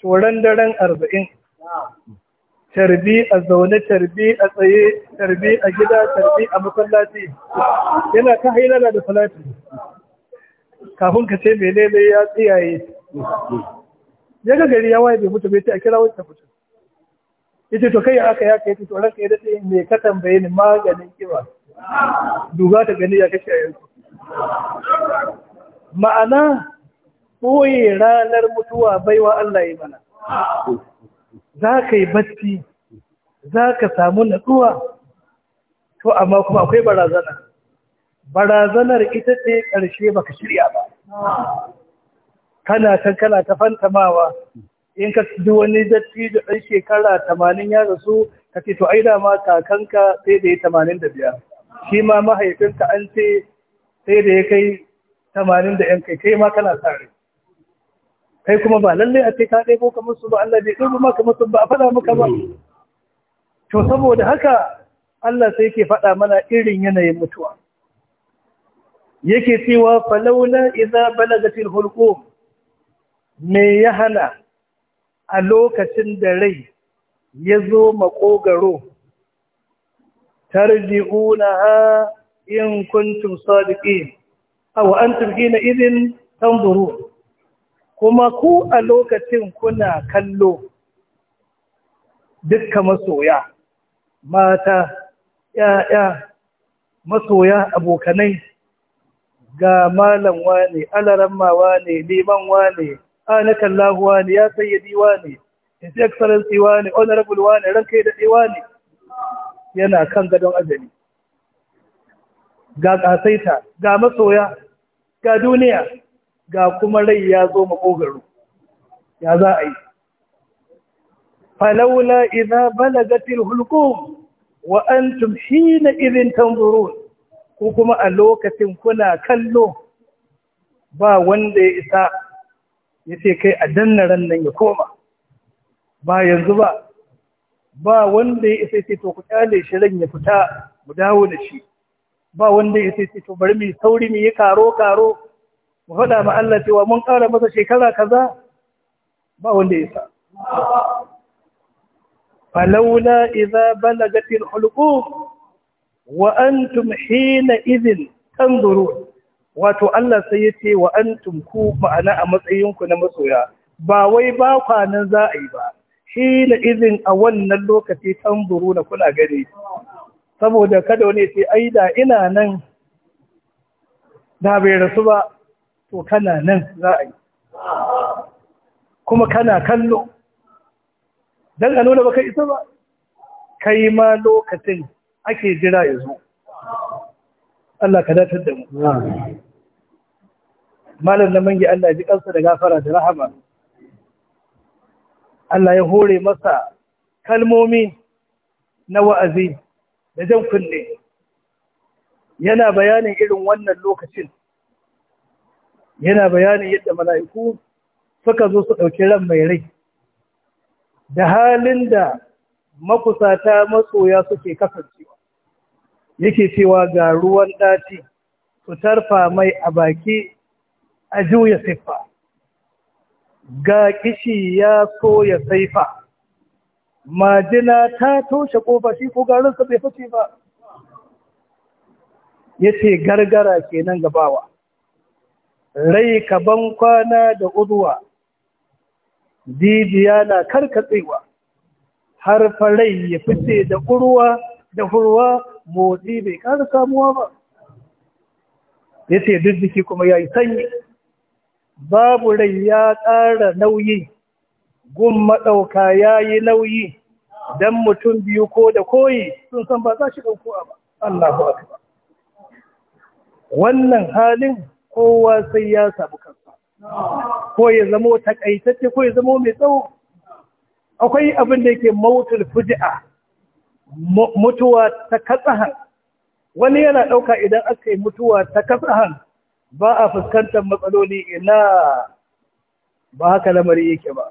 turan daren arba'in tarbi a zaune tarbi a tsaye tarbi a gida tarbi a masallaci yana ta hailala da salati kafin ka ce ne ya tsiyaye ya gagari ya waye bai mutu bai ce a kira wancan mutu yace to kai aka ya kai to ranka ya dace me ka tambaye ni maganin kiba duba ta gani ya kace yanzu ma'ana ɓoye ranar mutuwa baiwa Allah ya bana. za ka yi bacci za ka samu natsuwa to amma kuma akwai barazana barazanar ita ce ƙarshe baka shirya ba kana kankana ta fantamawa in ka ji wani da ɗan shekara tamanin ya rasu ka ce to ai da ma kakanka sai da ya tamanin da biyar shi ma mahaifinka an ce sai da ya kai tamanin da yan kai kai ma kana sa kai kuma ba lalle a ce ka ɗaiko ka musu ba Allah bai ɗaiko maka musu ba a faɗa maka ba to saboda haka Allah sai ke faɗa mana irin yanayin mutuwa yake cewa falaula idza balagatil hulqum me ya hana a lokacin da rai ya zo makogaro ha in kuntum sadiqin aw antum hina idin tamburu. kuma ku a lokacin kuna kallo dukka masoya mata ya'ya masoya abokanai ga malam wane alaramma wane liman wane ana Allah wani ya sayyidi wani his excellency wani honorable wani ranka ya dade wani yana kan gadon ajali ga kasaita ga masoya ga duniya ga kuma rai ya zo makogaro ya za a yi falaula idza balagatil hulqum wa antum hina idhin tanzurun ko kuma a lokacin kuna kallo ba wanda ya isa ya ce kai a dannaran nan ya koma ba yanzu ba ba wanda ya isa ce to ku kyale shi ran ya fita mu dawo da shi ba wanda ya isa ce to bari mu sauri mu yi karo karo mu faɗa ma Allah cewa mun ƙara masa shekara kaza ba wanda ya isa falawla idza balagatil hulqu wa antum hina idhin tanzurun wato Allah sai ya ce wa antum ku ma'ana a matsayinku na masoya ba wai ba kwanan za a yi ba shi na izin a wannan lokaci tamburu na kula gani saboda kada wani ce ai da ina nan da bai rasu ba to kana nan za a yi kuma kana kallo don a nuna baka isa ba kai ma lokacin ake jira ya zo Allah ka datar da mu malam na mangi Allah ji kansa da gafara da rahama Allah ya hore masa kalmomi na wa'azi da jan kunne yana bayanin irin wannan lokacin yana bayanin yadda mala'iku suka zo su ɗauki ran mai rai da halin da makusata masoya suke kasance yake cewa ga ruwan ɗaci ku tarfa mai a baki a juya siffa ga kishi ya so ya saifa majina ta toshe ƙofa shi ko garinsa bai fashe ba ya ce gargara kenan gabawa rai kaban kwana da uzuwa. jijiya na karkatsewa har farai ya fice da ƙurwa da furwa motsi bai ƙara samuwa ba ya ce duk jiki kuma ya yi sanyi babu rai ya ƙara nauyi gun maɗauka ya yi nauyi don mutum biyu ko da koyi sun san ba za shi ɗauko a ba Allah ba wannan halin kowa sai ya samu kansa ko ya zamo takaitacce ko ya zamo mai tsawo akwai abin da yake mautul fuji'a mutuwa ta katsahan wani yana ɗauka idan aka yi mutuwa ta katsahan ba a fuskantar matsaloli ina ba haka lamari yake ba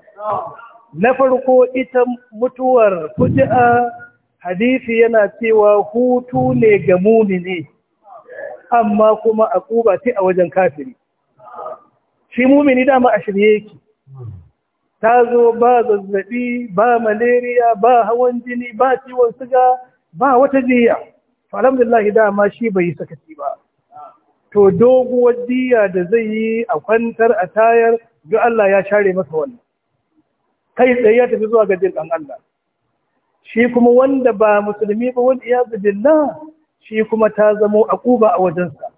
na farko ita mutuwar fuji'a hadisi yana cewa hutu ne ga mumini amma kuma a ce a wajen kafiri shi mumini dama a shirye yake ta zo ba zazzaɓi ba malaria ba hawan jini ba ciwon suga, ba wata jiya alhamdulillah dama shi bai yi sakaci ba to doguwar jiya da zai yi a kwantar a tayar ga Allah ya share masa wannan kai tsaye ya tafi zuwa ga jin Allah shi kuma wanda ba musulmi ba wani iyazu billah shi kuma ta zamo a ƙuba a wajensa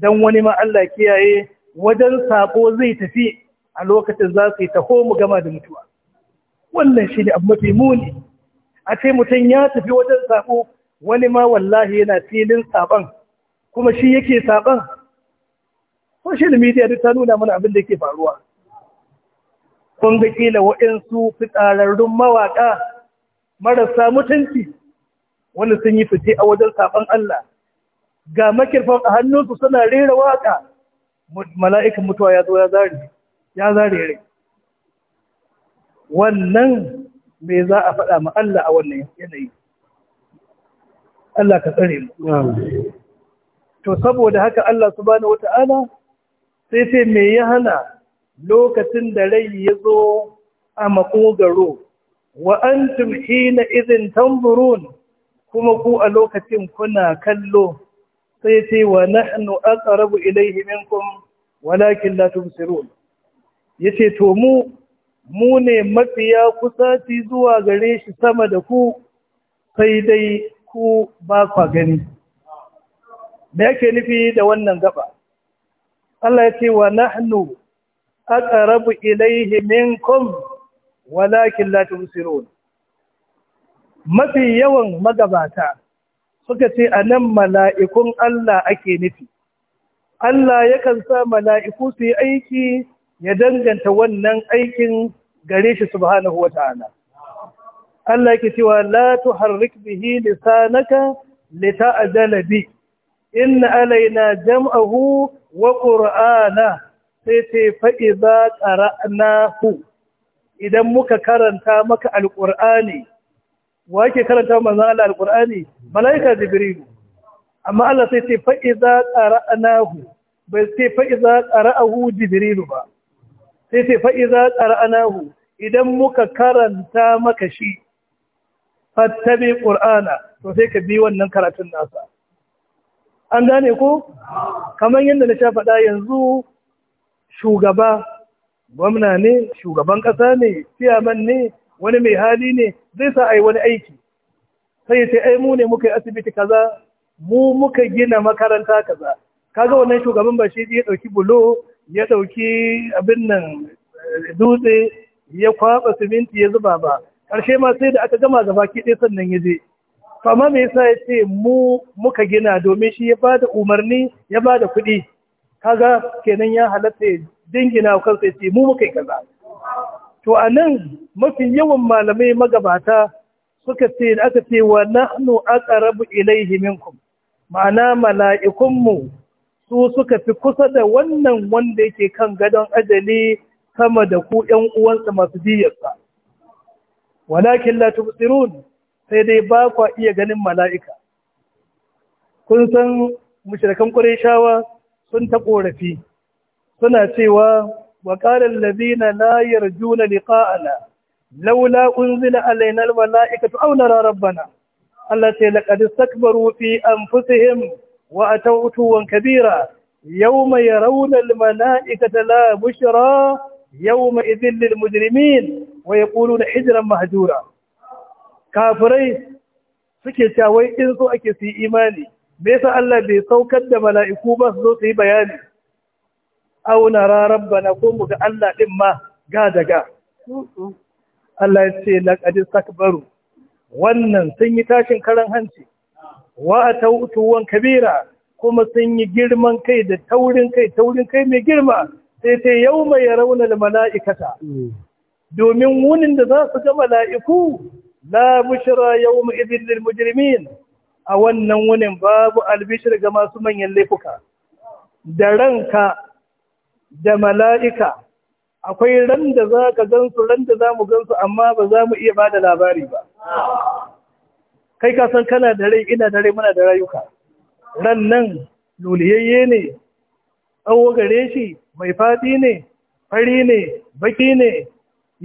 Don wani ma Allah kiyaye wajen sako zai tafi a lokacin za su yi taho mu gama da mutuwa wannan shi ne abu mafi muni a ce mutum ya tafi wajen sabo wani ma wallahi yana filin saban kuma shi yake saban social media duk ta nuna mana abin da yake faruwa kun ga kila waɗansu fitararrun mawaƙa marasa mutunci wani sun yi fice a wajen saban Allah ga makirfan a hannunsu suna rera waƙa mala'ikan mutuwa ya zo ya zari ya zare rai wannan me za a faɗa ma Allah a wannan yanayi Allah ka tsare mu to saboda haka Allah subhanahu wata'ala sai sai me ya hana lokacin da rai ya zo a makogaro wa antum hina idhin tanzurun kuma ku a lokacin kuna kallo sai sai wa nahnu aqrabu ilayhi minkum walakin la tubsirun ya ce to mu mu ne mafiya kusaci zuwa gare shi sama da ku sai dai ku ba kwa gani me yake nufi da wannan gaba Allah ya ce wa nahnu aqrabu ilayhi minkum walakin la tubsirun mafi yawan magabata suka ce a nan mala'ikun Allah ake nufi Allah yakan sa mala'iku su yi aiki ya danganta wannan aikin gare shi subhanahu wa ta'ala Allah yake cewa la tuharrik bihi lisanaka lita'jala bi inna alaina jam'ahu wa qur'ana sai ce fa idza qara'nahu idan muka karanta maka alqur'ani wa yake karanta manzo Allah alqur'ani malaika jibril amma Allah sai ce fa idza qara'nahu bai sai fa idza qara'ahu jibril ba sai ce fa'iza anahu, idan muka karanta maka shi fattabe ƙur'ana to sai ka bi wannan karatun nasa an gane ko kamar yadda na sha faɗa yanzu shugaba gwamna ne shugaban ƙasa ne fiyaman ne wani mai hali ne zai sa a yi wani aiki sai ya ce ai mu ne muka yi asibiti kaza mu muka gina makaranta kaza kaga wannan shugaban ba shi ya ɗauki bulo ya ɗauki abin nan eh, dutse ya kwaba siminti ya zuba ba ƙarshe ma sai da aka gama gaba ɗaya sannan ya je fama me yasa ya ce mu muka gina domin shi ya bada umarni ya bada kuɗi kaga kenan ya halatta ya dingina kansa sai ce mu muka yi kaza to a nan mafi yawan malamai magabata suka ce aka ce wa nahnu aqrabu ilayhi minkum ma'ana mala'ikunmu su suka fi kusa da wannan wanda yake kan gadon ajali sama da ku ‘yan uwansa masu diyarsa. Walakin la tubsirun sai dai ba kwa iya ganin mala'ika. Kun san mushrikan Qurayshawa sun ta korafi suna cewa wa qala allazina la yarjuna liqa'ana laula unzila alaina almala'ikatu aw nara rabbana. Allah laqad istakbaru fi anfusihim وأتوا أتوا كبيرا يوم يرون الملائكة لا بشرى يومئذ للمجرمين ويقولون حجرا مهجورا كافري suke cewa in so ake su yi imani me yasa Allah bai saukar da mala'iku ba su zo su yi bayani aw nara rabbana ko mu ga Allah din ma ga daga Allah ya ce laqad takbaru wannan sun yi tashin karan hanci wa kabira kuma sun yi girman kai da taurin kai taurin kai mai girma sai sai yau mai da mala'ikata domin wunin da za su ga mala'iku la bushra yau ma'izin lil mujirmin, a wannan wunin babu albishir ga masu manyan laifuka da ranka da mala'ika akwai ran da za ka gansu ran da za mu gansu amma ba za mu iya ba da labari ba kai ka san kana da rai ina da rai muna da rayuka ran nan luliyayye ne tsawo gare shi mai faɗi ne fari ne baki ne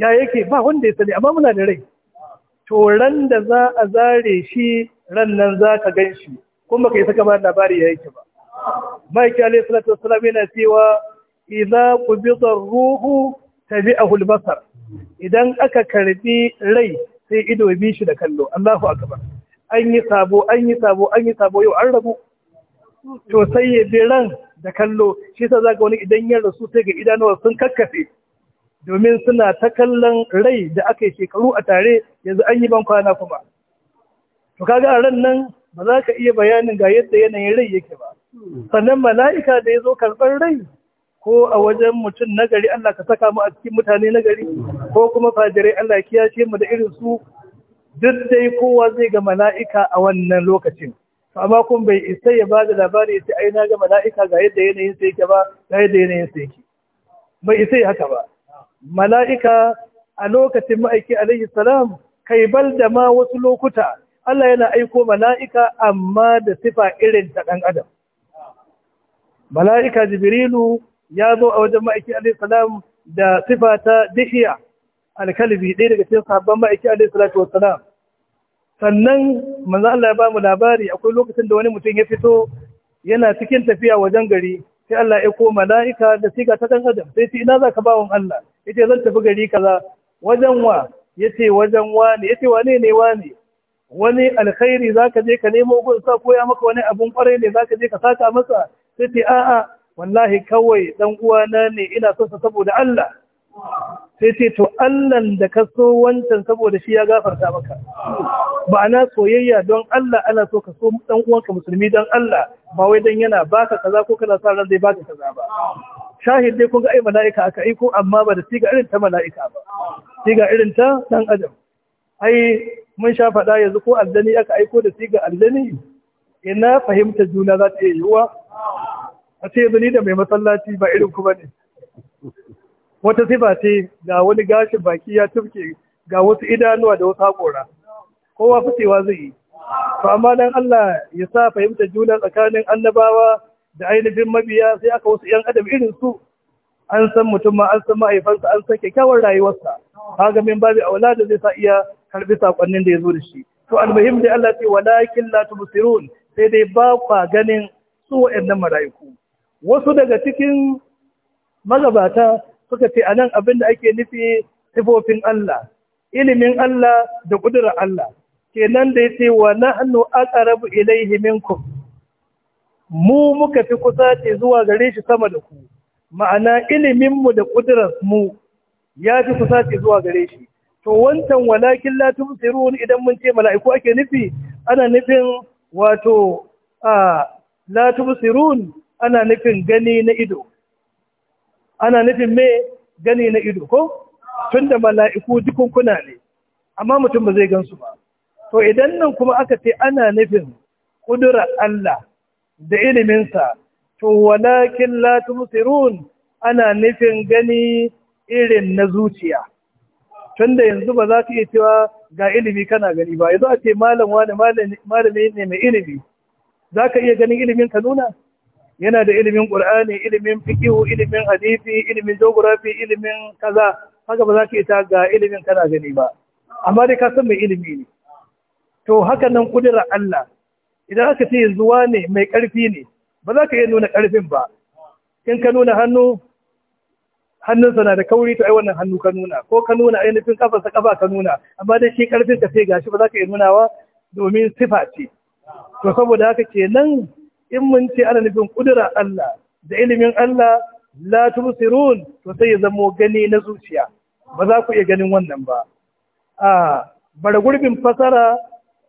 ya yake ba wanda ya sani amma muna da rai to ran da za a zare shi ran nan za ka gan shi kuma kai saka ba labari ya yake ba ma'aiki alayhi salatu wasalam yana cewa idza qubida ruhu tabi'ahu al-basar idan aka karbi rai sai ido bi shi da kallo Allahu akbar an yi sabo an yi sabo an yi sabo yau an rabu to sai ya bi ran da kallo shi sa zaka wani idan ya rasu sai ga idanuwa sun kakkafe domin suna ta kallon rai da aka yi shekaru a tare yanzu an yi ban kwana kuma to kaga a ran nan ba za ka iya bayanin ga yadda yanayin rai yake ba sannan mala'ika da ya zo karɓar rai ko a wajen mutum nagari Allah ka saka mu a cikin mutane nagari ko kuma fajirai Allah ya kiyashe mu da irin su duk dai kowa zai ga mala'ika a wannan lokacin amma kun bai isa ya ba da labari ya ce ai na ga mala'ika ga yadda yanayin sa yake ba ga yadda yanayin sa yake bai isa ya haka ba mala'ika a lokacin ma'aiki alaihi salam kai bal da ma wasu lokuta Allah yana aiko mala'ika amma da sifa irin ta ɗan adam mala'ika jibrilu ya zo a wajen ma'aiki alaihi salam da sifa ta dihiya Alkalibi ɗaya daga cikin sabon ma'aiki alaihi salatu wassalam sannan manzo Allah ya ba mu labari akwai lokacin da wani mutum ya fito yana cikin tafiya wajen gari sai Allah ya koma mala'ika da siga ta dan adam sai ce ina za zaka bawon Allah yace zan tafi gari kaza wajen wa yace wajen wa Ya yace wane ne wani wani alkhairi zaka je ka nemo gun sa koya maka wani abun kwarai ne zaka je ka saka masa sai ce a'a wallahi kawai dan uwana ne ina son sa saboda Allah sai ce to Allah da ka so wancan saboda shi ya gafarta maka ba na soyayya don Allah ana so ka so dan uwanka musulmi don Allah ba wai dan yana baka kaza ko kana sa ran zai baka kaza ba shahid dai kun ga ai mala'ika aka aiko amma ba da siga irin ta mala'ika ba siga irin ta dan adam ai mun sha faɗa yanzu ko aljani aka aiko da siga aljani ina fahimta juna za ta iya yiwuwa a ce da mai masallaci ba irin ku bane wata siba ce ga wani gashin baki ya tufke ga wasu idanuwa da wasu haƙora kowa fitewa zai yi to amma dan Allah ya sa fahimta juna tsakanin annabawa da ainihin mabiya sai aka wasu yan adam irin su an san mutum ma an san mahaifansa an san kyakkyawar rayuwarsa kaga min babu aula da zai sa iya karbi sakonnin da ya zo da shi to almuhim dai Allah ce walakin la tubsirun sai dai ba kwa ganin su waɗannan mala'iku wasu daga cikin magabata suka ce nan abin da ake nufi sifofin Allah ilimin Allah da ƙudurar Allah ke nan da ya ce wa nahnu aqrabu ilayhi minkum mu muka fi kusa ce zuwa gare shi sama da ku ma'ana iliminmu da ƙudurar mu ya fi kusa ce zuwa gare shi to wancan walakin latin tumsirun idan mun ce mala'iku ake nufi ana nufin wato a latin ana nufin gani na ido ana nufin me gani na ido ko tunda mala'iku dukunkuna ne amma mutum ba zai gansu ba to idan nan kuma aka ce ana nufin kudura Allah da iliminsa to walakin la tumsirun ana nufin gani irin na zuciya tunda yanzu ba za ka iya cewa ga ilimi kana gani ba yanzu a ce malam wani malami ne mai ilimi za ka iya ganin ilimin ka nuna yana da ilimin ƙur'ani ilimin fikihu ilimin hadisi ilimin geography ilimin kaza haka ba za ka ita ga ilimin kana gani ba amma dai ka san mai ilimi ne to haka nan kudirar Allah idan aka ce yanzu wane mai ƙarfi ne ba za ka iya nuna ƙarfin ba in ka nuna hannu hannunsa na da kauri to ai wannan hannu ka nuna ko ka nuna ainihin kafarsa kafa ka nuna amma dai shi karfin ka sai gashi ba za ka iya nunawa domin sifa ce to saboda haka kenan in mun ce ana nufin kudura Allah da ilimin Allah la tubsirun to sai ya zamo gani na zuciya ba za ku iya ganin wannan ba a bar gurbin fasara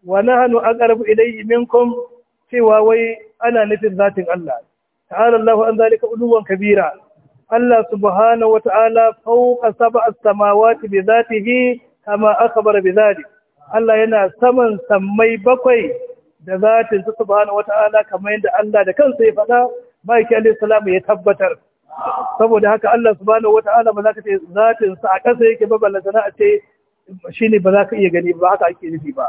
wa nahnu aqrabu ilayhi minkum cewa wai ana nufin zatin Allah ta'ala Allahu an zalika uluwan kabira Allah subhanahu wa ta'ala fawqa sab'a samawati bi dhatihi kama akhbara bi dhalik Allah yana saman sammai bakwai da zatin su subhanahu wata'ala kamar yadda Allah da kansa ya faɗa Mike alayhi salam ya tabbatar saboda haka Allah subhanahu wata'ala ba za ka ce zatin sa a kasa yake ba balla sana'a ce shine ba za ka iya gani ba haka ake nufi ba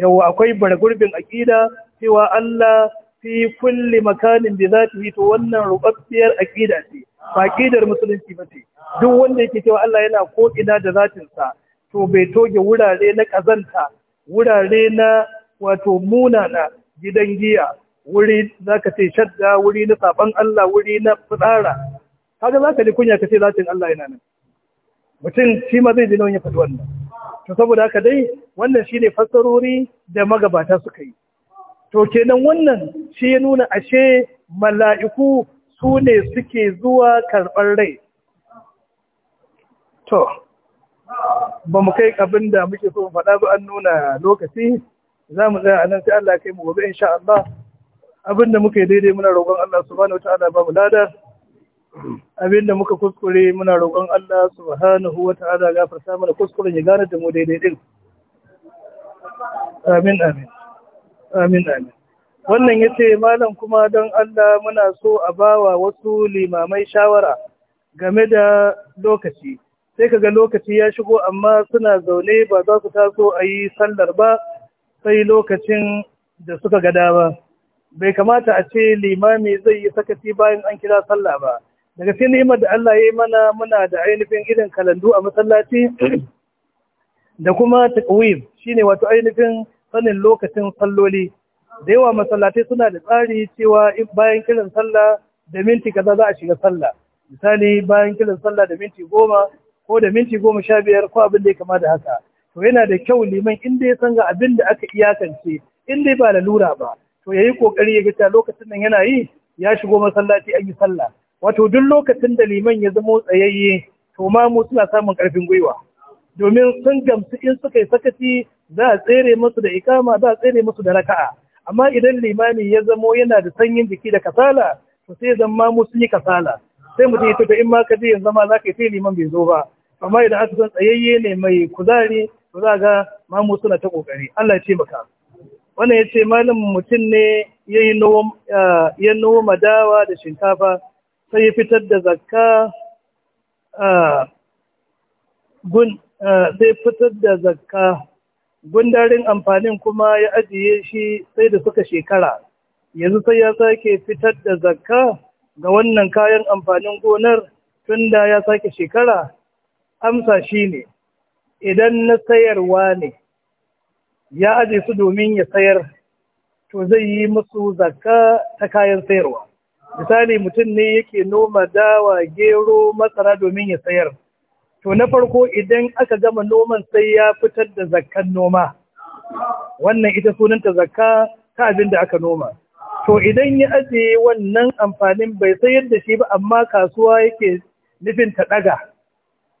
yawa akwai bargurbin aqida cewa Allah fi kulli makanin bi zatihi to wannan rubabbiyar aqida ce ba aqidar musulunci ba ce duk wanda yake cewa Allah yana ko ina da zatin sa to bai toge wurare na kazanta wurare na wato Muna na gidan giya wuri za ka ce shadda wuri na saban Allah wuri na tsara kaga za ka ji kunya ka ce latin Allah yana nan mutum shi ma zai ji ya faɗi wannan to saboda haka dai wannan shi ne fassarori da magabata suka yi to kenan wannan shi ya nuna ashe mala'iku su ne suke zuwa karɓar rai to ba mu kai abin da muke so mu faɗa ba an nuna lokaci za mu tsaya a nan sai Allah kai mu gobe in sha Allah abinda muka yi daidai muna roƙon Allah subhanahu wataala ba mu lada abinda muka kuskure muna roƙon Allah subhanahu wataala gafarta mana kuskuren ya gane da mu daidai din amin amin amin amin wannan yace malam kuma don Allah muna so a bawa wasu limamai shawara game da lokaci sai kaga lokaci ya shigo amma suna zaune ba za su taso a yi sallar ba sai lokacin da suka gada ba, bai kamata a ce limami zai yi sakaci bayan an kira sallah ba daga cikin ni'imar da Allah ya yi mana muna da ainihin irin kalandu a masallaci da kuma takwim shine wato ainihin sanin lokacin salloli da yawa masallatai suna da tsari cewa bayan kiran sallah da minti kaza za a shiga sallah misali bayan kiran sallah da minti goma ko da minti goma sha biyar ko abin da ya kama da haka to yana da kyau liman inda ya san ga abin da aka iyakance in dai ba lalura ba to yayi kokari ya ga lokacin nan yana yi ya shigo masallaci an yi sallah wato duk lokacin da liman ya zama tsayayye to ma mu suna samun karfin gwiwa domin sun gamsu in suka yi sakaci za a tsere musu da ikama za a tsere musu da raka'a amma idan limami ya zamo yana da sanyin jiki da kasala to sai zama mu sun yi kasala sai mutum ya to in ma ka je yanzu ma za ka yi sai liman bai zo ba amma idan aka san tsayayye ne mai kuzari to za ga mamu suna ta kokari Allah ya ce maka wannan ya ce malam mutum ne ya noma dawa da shinkafa sai ya fitar da zakka gun sai fitar da zakka gundarin amfanin kuma ya ajiye shi sai da suka shekara yanzu sai ya sake fitar da zakka ga wannan kayan amfanin gonar tunda ya sake shekara amsa shi ne idan na sayarwa ne ya aje su domin ya sayar to zai yi musu zakka ta kayan sayarwa misali mutum ne yake noma dawa gero masara domin ya sayar to na farko idan aka gama noman sai ya fitar da zakkan noma wannan ita sunanta zakka ta abin da aka noma to idan ya ajiye wannan amfanin bai sayar da shi ba amma kasuwa yake nufin ta ɗaga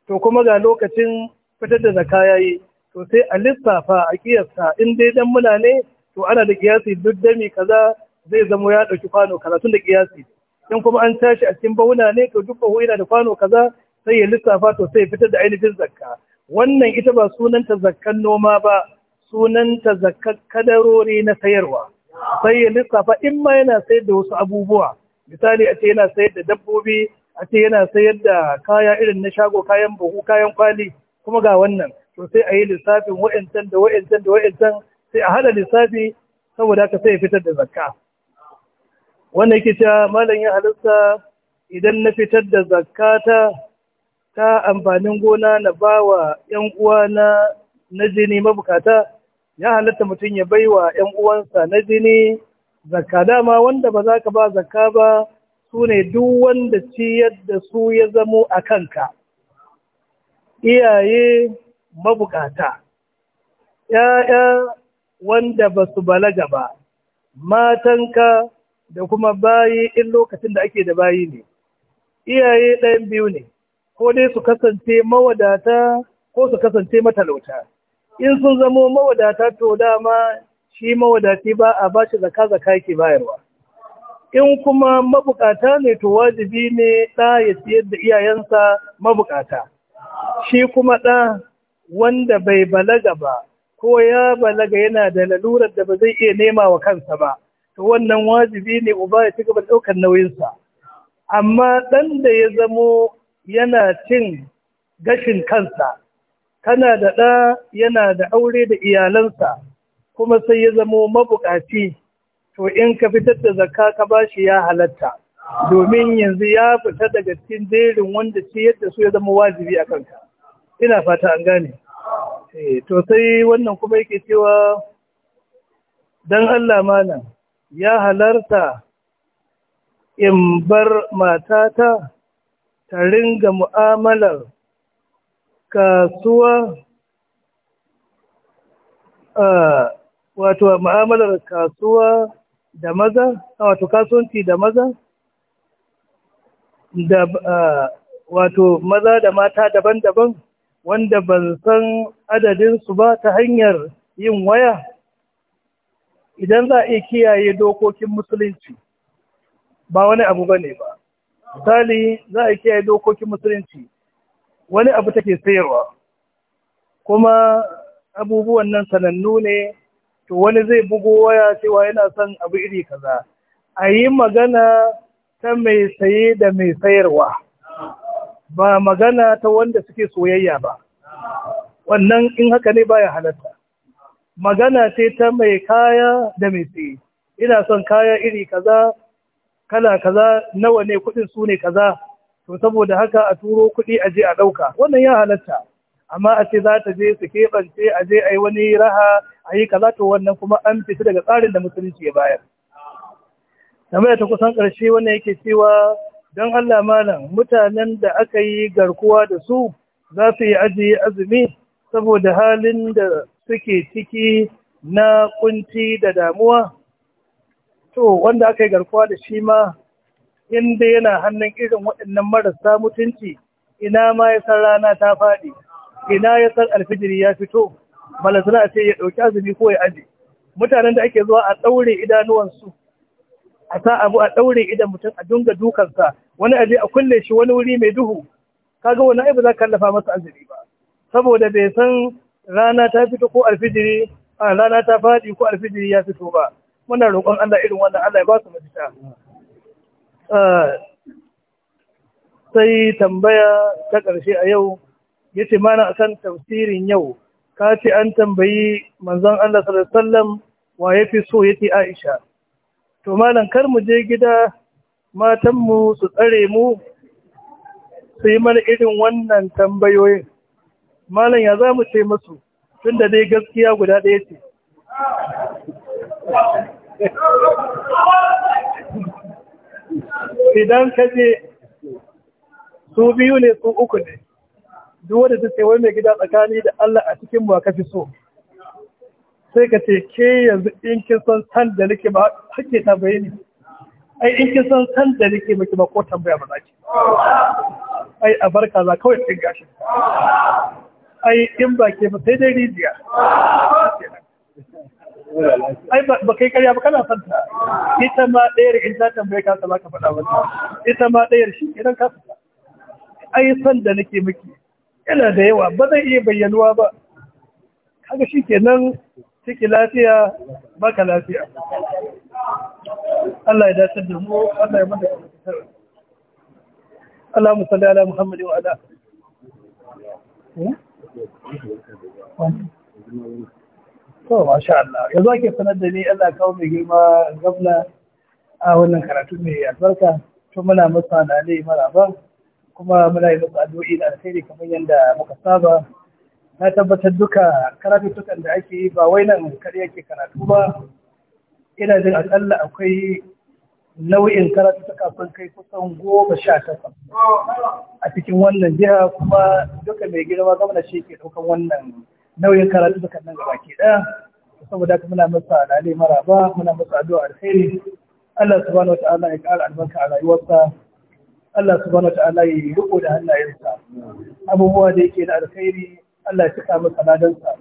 to kuma ga lokacin fitar da zaka yayi to sai a lissafa a kiyasta in dai dan muna ne to ana da kiyasi duk dami kaza zai zamo ya ɗauki kwano kaza tun da kiyasi in kuma an tashi a cikin bauna ne to duk bahu yana da kwano kaza sai ya lissafa to sai fitar da ainihin zakka wannan ita ba sunanta zakkan noma ba sunanta zakkan kadarori na sayarwa sai ya lissafa in ma yana sayar da wasu abubuwa misali a ce yana sayar da dabbobi a ce yana sayar da kaya irin na shago kayan buhu kayan kwali kuma ga wannan to sai a yi lissafin wa'incan da wa'incan da wa'incan sai a hada lissafi saboda ka sai fitar da zakka wannan yake cewa malam ya halitta idan na fitar da zakata ta amfanin gona na bawa yan uwa na na jini mabukata ya halatta mutum ya baiwa yan uwansa na jini zakka dama wanda ba za ka ba zakka ba sune ne duk wanda ciyar da su ya zamo a kanka iyaye mabukata ‘ya'ya wanda ba su balaga ba matanka da kuma bayi in lokacin da ake da bayi ne iyaye ɗayan biyu ne ko dai su kasance mawadata ko su kasance matalauta in sun zamo mawadata to dama shi mawadaci ba a ba shi zaka zaka ke bayarwa in kuma mabukata ne to wajibi ne ɗa ya siyar da iyayensa mabukata shi kuma ɗa wanda bai balaga ba ko ya balaga yana da lalurar da ba zai iya nema wa kansa ba to wannan wajibi ne uba ya ci gaba ɗaukar nauyinsa amma ɗan da ya zamo yana cin gashin kansa kana da ɗa yana da aure da iyalansa kuma sai ya zamo mabuƙaci to in ka fitar da zakka ka bashi ya halatta domin yanzu ya fita daga cikin jerin wanda ce yadda su ya zama wajibi a kanka ina fata an gane eh, to sai wannan kuma yake cewa don Allah malam ya halarta in bar matata ta ringa mu'amalar kasuwa wato mu'amalar kasuwa da maza wato kasuwanci da maza da wato maza da mata daban-daban wanda ban san adadinsu ba ta hanyar yin waya idan za a iya kiyaye dokokin musulunci ba wani abu ba ne ba misali za a kiyaye dokokin musulunci wani abu take sayarwa kuma abubuwan nan sanannu ne to wani zai bugo waya cewa yana son abu iri kaza a yi magana ta mai saye da mai sayarwa ba magana ta wanda suke soyayya ba wannan in haka ne baya halatta magana ce ta mai kaya da mai saye ina son kaya iri kaza kala kaza nawa ne kudin su ne kaza to saboda haka a turo kudi aje a dauka wannan ya halatta amma a ce za ta je su keɓance a je a yi wani raha a yi kaza to wannan kuma an fita daga tsarin da musulunci ya bayar tambaya ta kusan ƙarshe wanda yake cewa don Allah malam mutanen da aka yi garkuwa da su za su yi ajiye azumi saboda halin da suke ciki na kunci da damuwa to wanda aka yi garkuwa da shi ma inda yana hannun irin waɗannan marasa mutunci ina ma ya san rana ta faɗi ina ya san alfijiri ya fito balazana ce ya ɗauki azumi ko ya aji mutanen da ake zuwa a ɗaure idanuwansu a sa abu a ɗaure idan mutum a dunga dukansa wani aje a kulle shi wani wuri mai duhu kaga wani ai ba za ka kallafa masa azumi ba saboda bai san rana ta fito ko alfijiri a rana ta faɗi ko alfijiri ya fito ba muna roƙon Allah irin wannan Allah ya ba su mafita ah, sai tambaya ta ƙarshe a yau ya ce mana akan tafsirin yau ka ce an tambayi manzon Allah sallallahu alaihi wasallam wa yafi so yace Aisha to malam kar mu je gida matanmu su tsare mu su yi mana irin wannan tambayoyin malam ya za mu ce masu tun da dai gaskiya guda ɗaya ce idan ka je su biyu ne su uku ne duk wanda ta ce wai mai gida tsakani da Allah a cikin mu ka fi so sai ka ce ke yanzu in kin san san da nake ba hake tambaye ni ai in kin san san da nake miki ba ko tambaya ba zaki ai a barka za kawai kin gashi ai in ba ke ba sai dai rijiya ai ba kai karya ba kana san ta ita ma ɗayar in ta tambaye ka ta ka faɗa mata ita ma ɗayar shi idan ka faɗa ai san da nake miki yana da yawa ba zai iya bayyanuwa ba kaga shi kenan ciki lafiya baka lafiya Allah ya dace da mu Allah ya mada kwatar Allah mu salli ala Muhammad wa ala hmm? to masha Allah yanzu ake sanar da ni Allah kawo mai girma gabna a wannan karatu mai albarka to muna masa da ne maraba kuma muna yi masa addu'o'i da alkhairi kamar yadda muka saba na tabbatar duka karatuttukan da ake yi ba wai nan kaɗai yake karatu ba ina jin akalla akwai nau'in karatuttuka sun kai kusan goma sha takwas a cikin wannan jiha kuma duka mai girma gwamna shi ke ɗaukan wannan nau'in karatuttukan nan gaba ke ɗaya saboda haka muna masa alale maraba muna masa addu'a alheri Allah subhanahu ta'ala ya ƙara albarka a rayuwarsa Allah subhanahu ta'ala ya riko da hannayensa abubuwa da yake na alkhairi Allah ya cika masa ladansa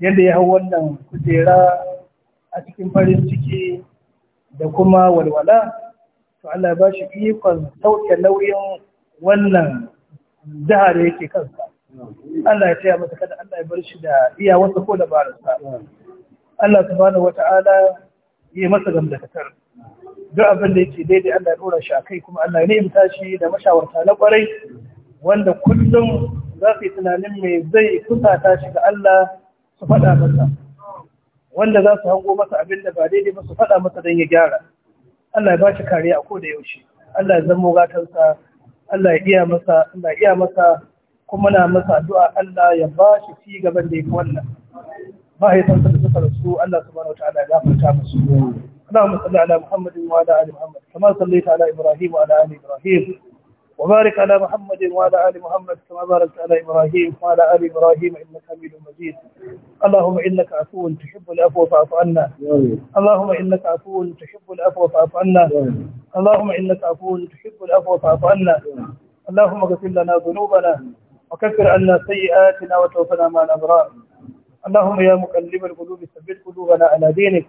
yadda ya hau wannan kujera a cikin farin ciki da kuma walwala to Allah ya bashi ikon sauke nauyin wannan jiha da yake kansa Allah ya taya masa kada Allah ya bar shi da iya wasa ko dabararsa Allah subhanahu wata'ala ya masa gamdakatar duk abin da yake daidai Allah ya dora shi a kai kuma Allah ya nemi tashi da mashawarta na kwarai wanda kullum za su yi tunanin mai zai kusata shi ga Allah su faɗa masa wanda za su hango masa abin da ba daidai ba su faɗa masa don ya gyara Allah ya ba shi kariya a ko da yaushe Allah ya zama gatansa Allah ya iya masa Allah ya iya masa kuma na masa addu'a Allah ya ba shi ci gaban da ya fi wannan mahaifansa da suka rasu Allah subhanahu wa ta'ala ya gafarta musu اللهم صل على ala وعلى muhammad, محمد كما ala على wa ala ali ibrahim. وبارك على محمد وعلى آل محمد كما باركت على إبراهيم وعلى آل إبراهيم إنك حميد مجيد اللهم إنك عفو تحب العفو فاعف عنا اللهم إنك عفو تحب العفو فاعف عنا اللهم إنك عفو تحب العفو فاعف عنا اللهم اغفر لنا ذنوبنا وكفر عنا سيئاتنا وتوفنا مع الأبرار اللهم يا مقلب القلوب ثبت قلوبنا على دينك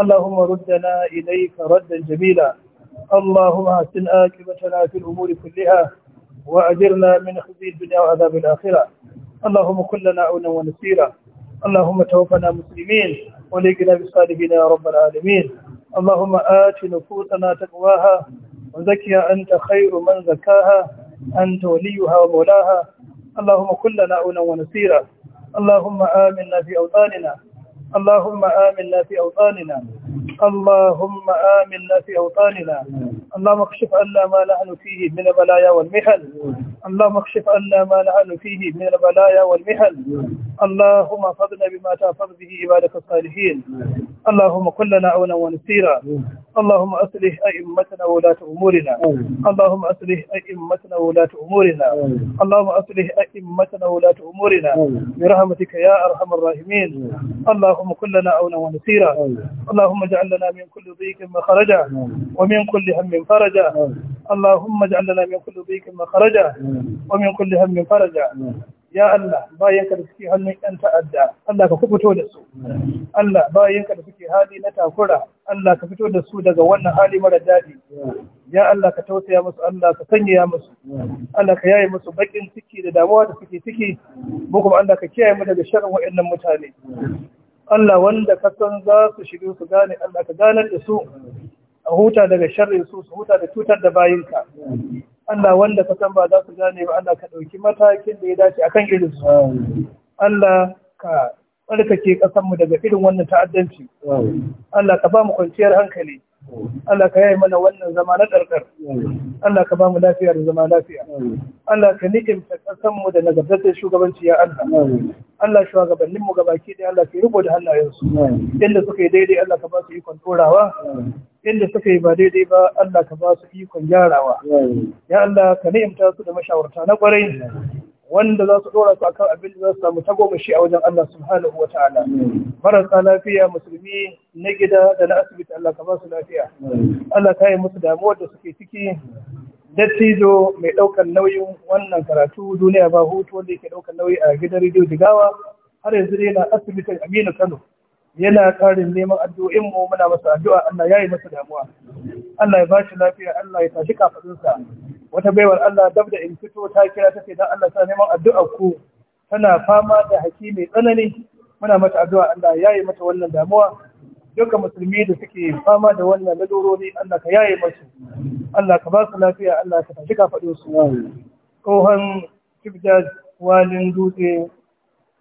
اللهم ردنا إليك ردا جميلا اللهم احسن عاقبتنا في الامور كلها واجرنا من خزي الدنيا وعذاب الاخره اللهم كن لنا عونا ونصيرا اللهم توفنا مسلمين وليكنا بالصالحين يا رب العالمين اللهم آت نفوسنا تقواها وزكها أنت خير من زكاها أنت وليها ومولاها اللهم كن لنا عونا ونصيرا اللهم آمنا في أوطاننا اللهم آمنا في أوطاننا اللهم آمنا في أوطاننا اللهم اكشف عنا ما نحن فيه من البلايا والمحن اللهم اكشف عنا ما نحن فيه من البلايا والمحن اللهم احفظنا بما تحفظ به عبادك الصالحين اللهم كن لنا عونا ونسيرا اللهم اصلح ائمتنا وولاة امورنا اللهم اصلح ائمتنا وولاة امورنا اللهم اصلح ائمتنا وولاة امورنا برحمتك يا ارحم الراحمين اللهم كن لنا عونا ونسيرا اللهم اجعل لنا من كل ضيق مخرجا ومن كل هم فرجا اللهم اجعل لنا من كل ضيق مخرجا ومن كل هم فرجا ya Allah bayanka da suke hannun ƴan ta'adda Allah ka fito da su Allah bayanka da suke hali na takura Allah ka fito da su daga wannan hali mara daɗi ya Allah ka tausaya musu Allah ka sanyaya musu Allah ka yaye musu bakin ciki da damuwa da suke ciki mu kuma Allah ka kiyaye mu daga sharrin waɗannan mutane Allah wanda ka san za su shigo su gane Allah ka ganar da su a huta daga sharrin su su huta da cutar da bayinka Allah wanda ka san ba za su gane ba Allah ka ɗauki matakin da ya dace akan irin su Allah ka tsarkake ƙasar mu daga irin wannan ta'addanci Allah ka ba mu kwanciyar hankali Allah ka yi mana wannan zama na ɗarɗar Allah ka ba mu lafiya da zama lafiya Allah ka ni'imta ƙasar mu da nagartaccen shugabanci ya Allah Allah shugabannin mu gabaki ɗaya Allah yi rubo da hannayensu inda suka yi daidai Allah ka ba su ikon turawa inda suka yi ba daidai ba Allah ka ba su ikon gyarawa ya Allah ka ni'imta su da mashawarta na kwarai wanda za su dora su akan abin da za su samu shi a wajen Allah subhanahu wata'ala marasa lafiya musulmi na gida da na asibiti Allah ka ba su lafiya Allah ka yi musu damuwar da suke ciki dattijo mai ɗaukar nauyin wannan karatu duniya ba hutu wanda yake ɗaukar nauyi a gidan rediyo jigawa har yanzu dai na asibitin Aminu Kano yana ƙarin neman in mu muna masa addu'a Allah ya yi masa damuwa Allah ya ba shi lafiya Allah ya tashi kafadunsa wata baiwar Allah dab da in fito ta kira ta ce don Allah sa neman addu'a ku tana fama da haki mai tsanani muna masa addu'a Allah ya yi masa wannan damuwa duka musulmi da suke fama da wannan lalurori Allah ka yaye masu Allah ka ba su lafiya Allah ka tashi kafadunsu tsohon Chief Judge Walin Dutse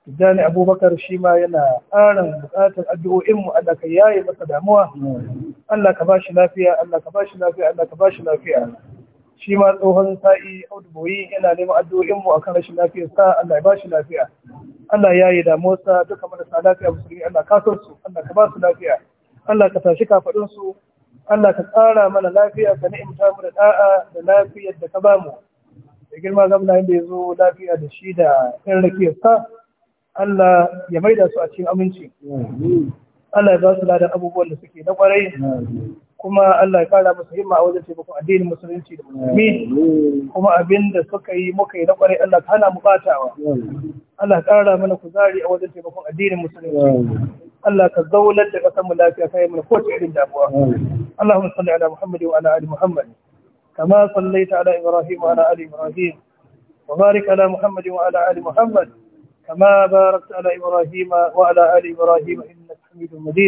Tijjani Abubakar shi ma yana ƙarin buƙatar addu'o'inmu Allah ka yaye masa damuwa, Allah ka ba shi lafiya, Allah ka ba shi lafiya, Allah ka ba shi lafiya. Shi ma tsohon sa'i Audu Boyi yana neman addu'o'inmu akan rashin lafiyar sa Allah ya ba shi lafiya. Allah ya yi damuwarsa duka marasa lafiya musulmi Allah ka su, Allah ka ba su lafiya. Allah ka tashi kafaɗinsu, Allah ka tsara mana lafiya ka ni'imta mu da ɗa'a da lafiyar da ka ba mu. Da girma gamna inda ya zo lafiya da shi da ɗan sa. Allah ya maida su a cikin aminci Allah ya ba su ladan abubuwan da suke na kwarai kuma Allah ya kara musu himma a wajen taimakon addinin musulunci da musulmi kuma abin da suka yi muka yi na kwarai Allah ka hana mu batawa Allah ya kara mana kuzari a wajen taimakon addinin musulunci Allah ka zaunar da kasar mu lafiya ka yi mana kowace irin damuwa Allahumma salli ala Muhammad wa ala ali Muhammad kama sallaita ala Ibrahim wa ala ali Ibrahim wa barik ala Muhammad wa ala ali Muhammad كما باركت على إبراهيم وعلى آل إبراهيم إنك حميد مجيد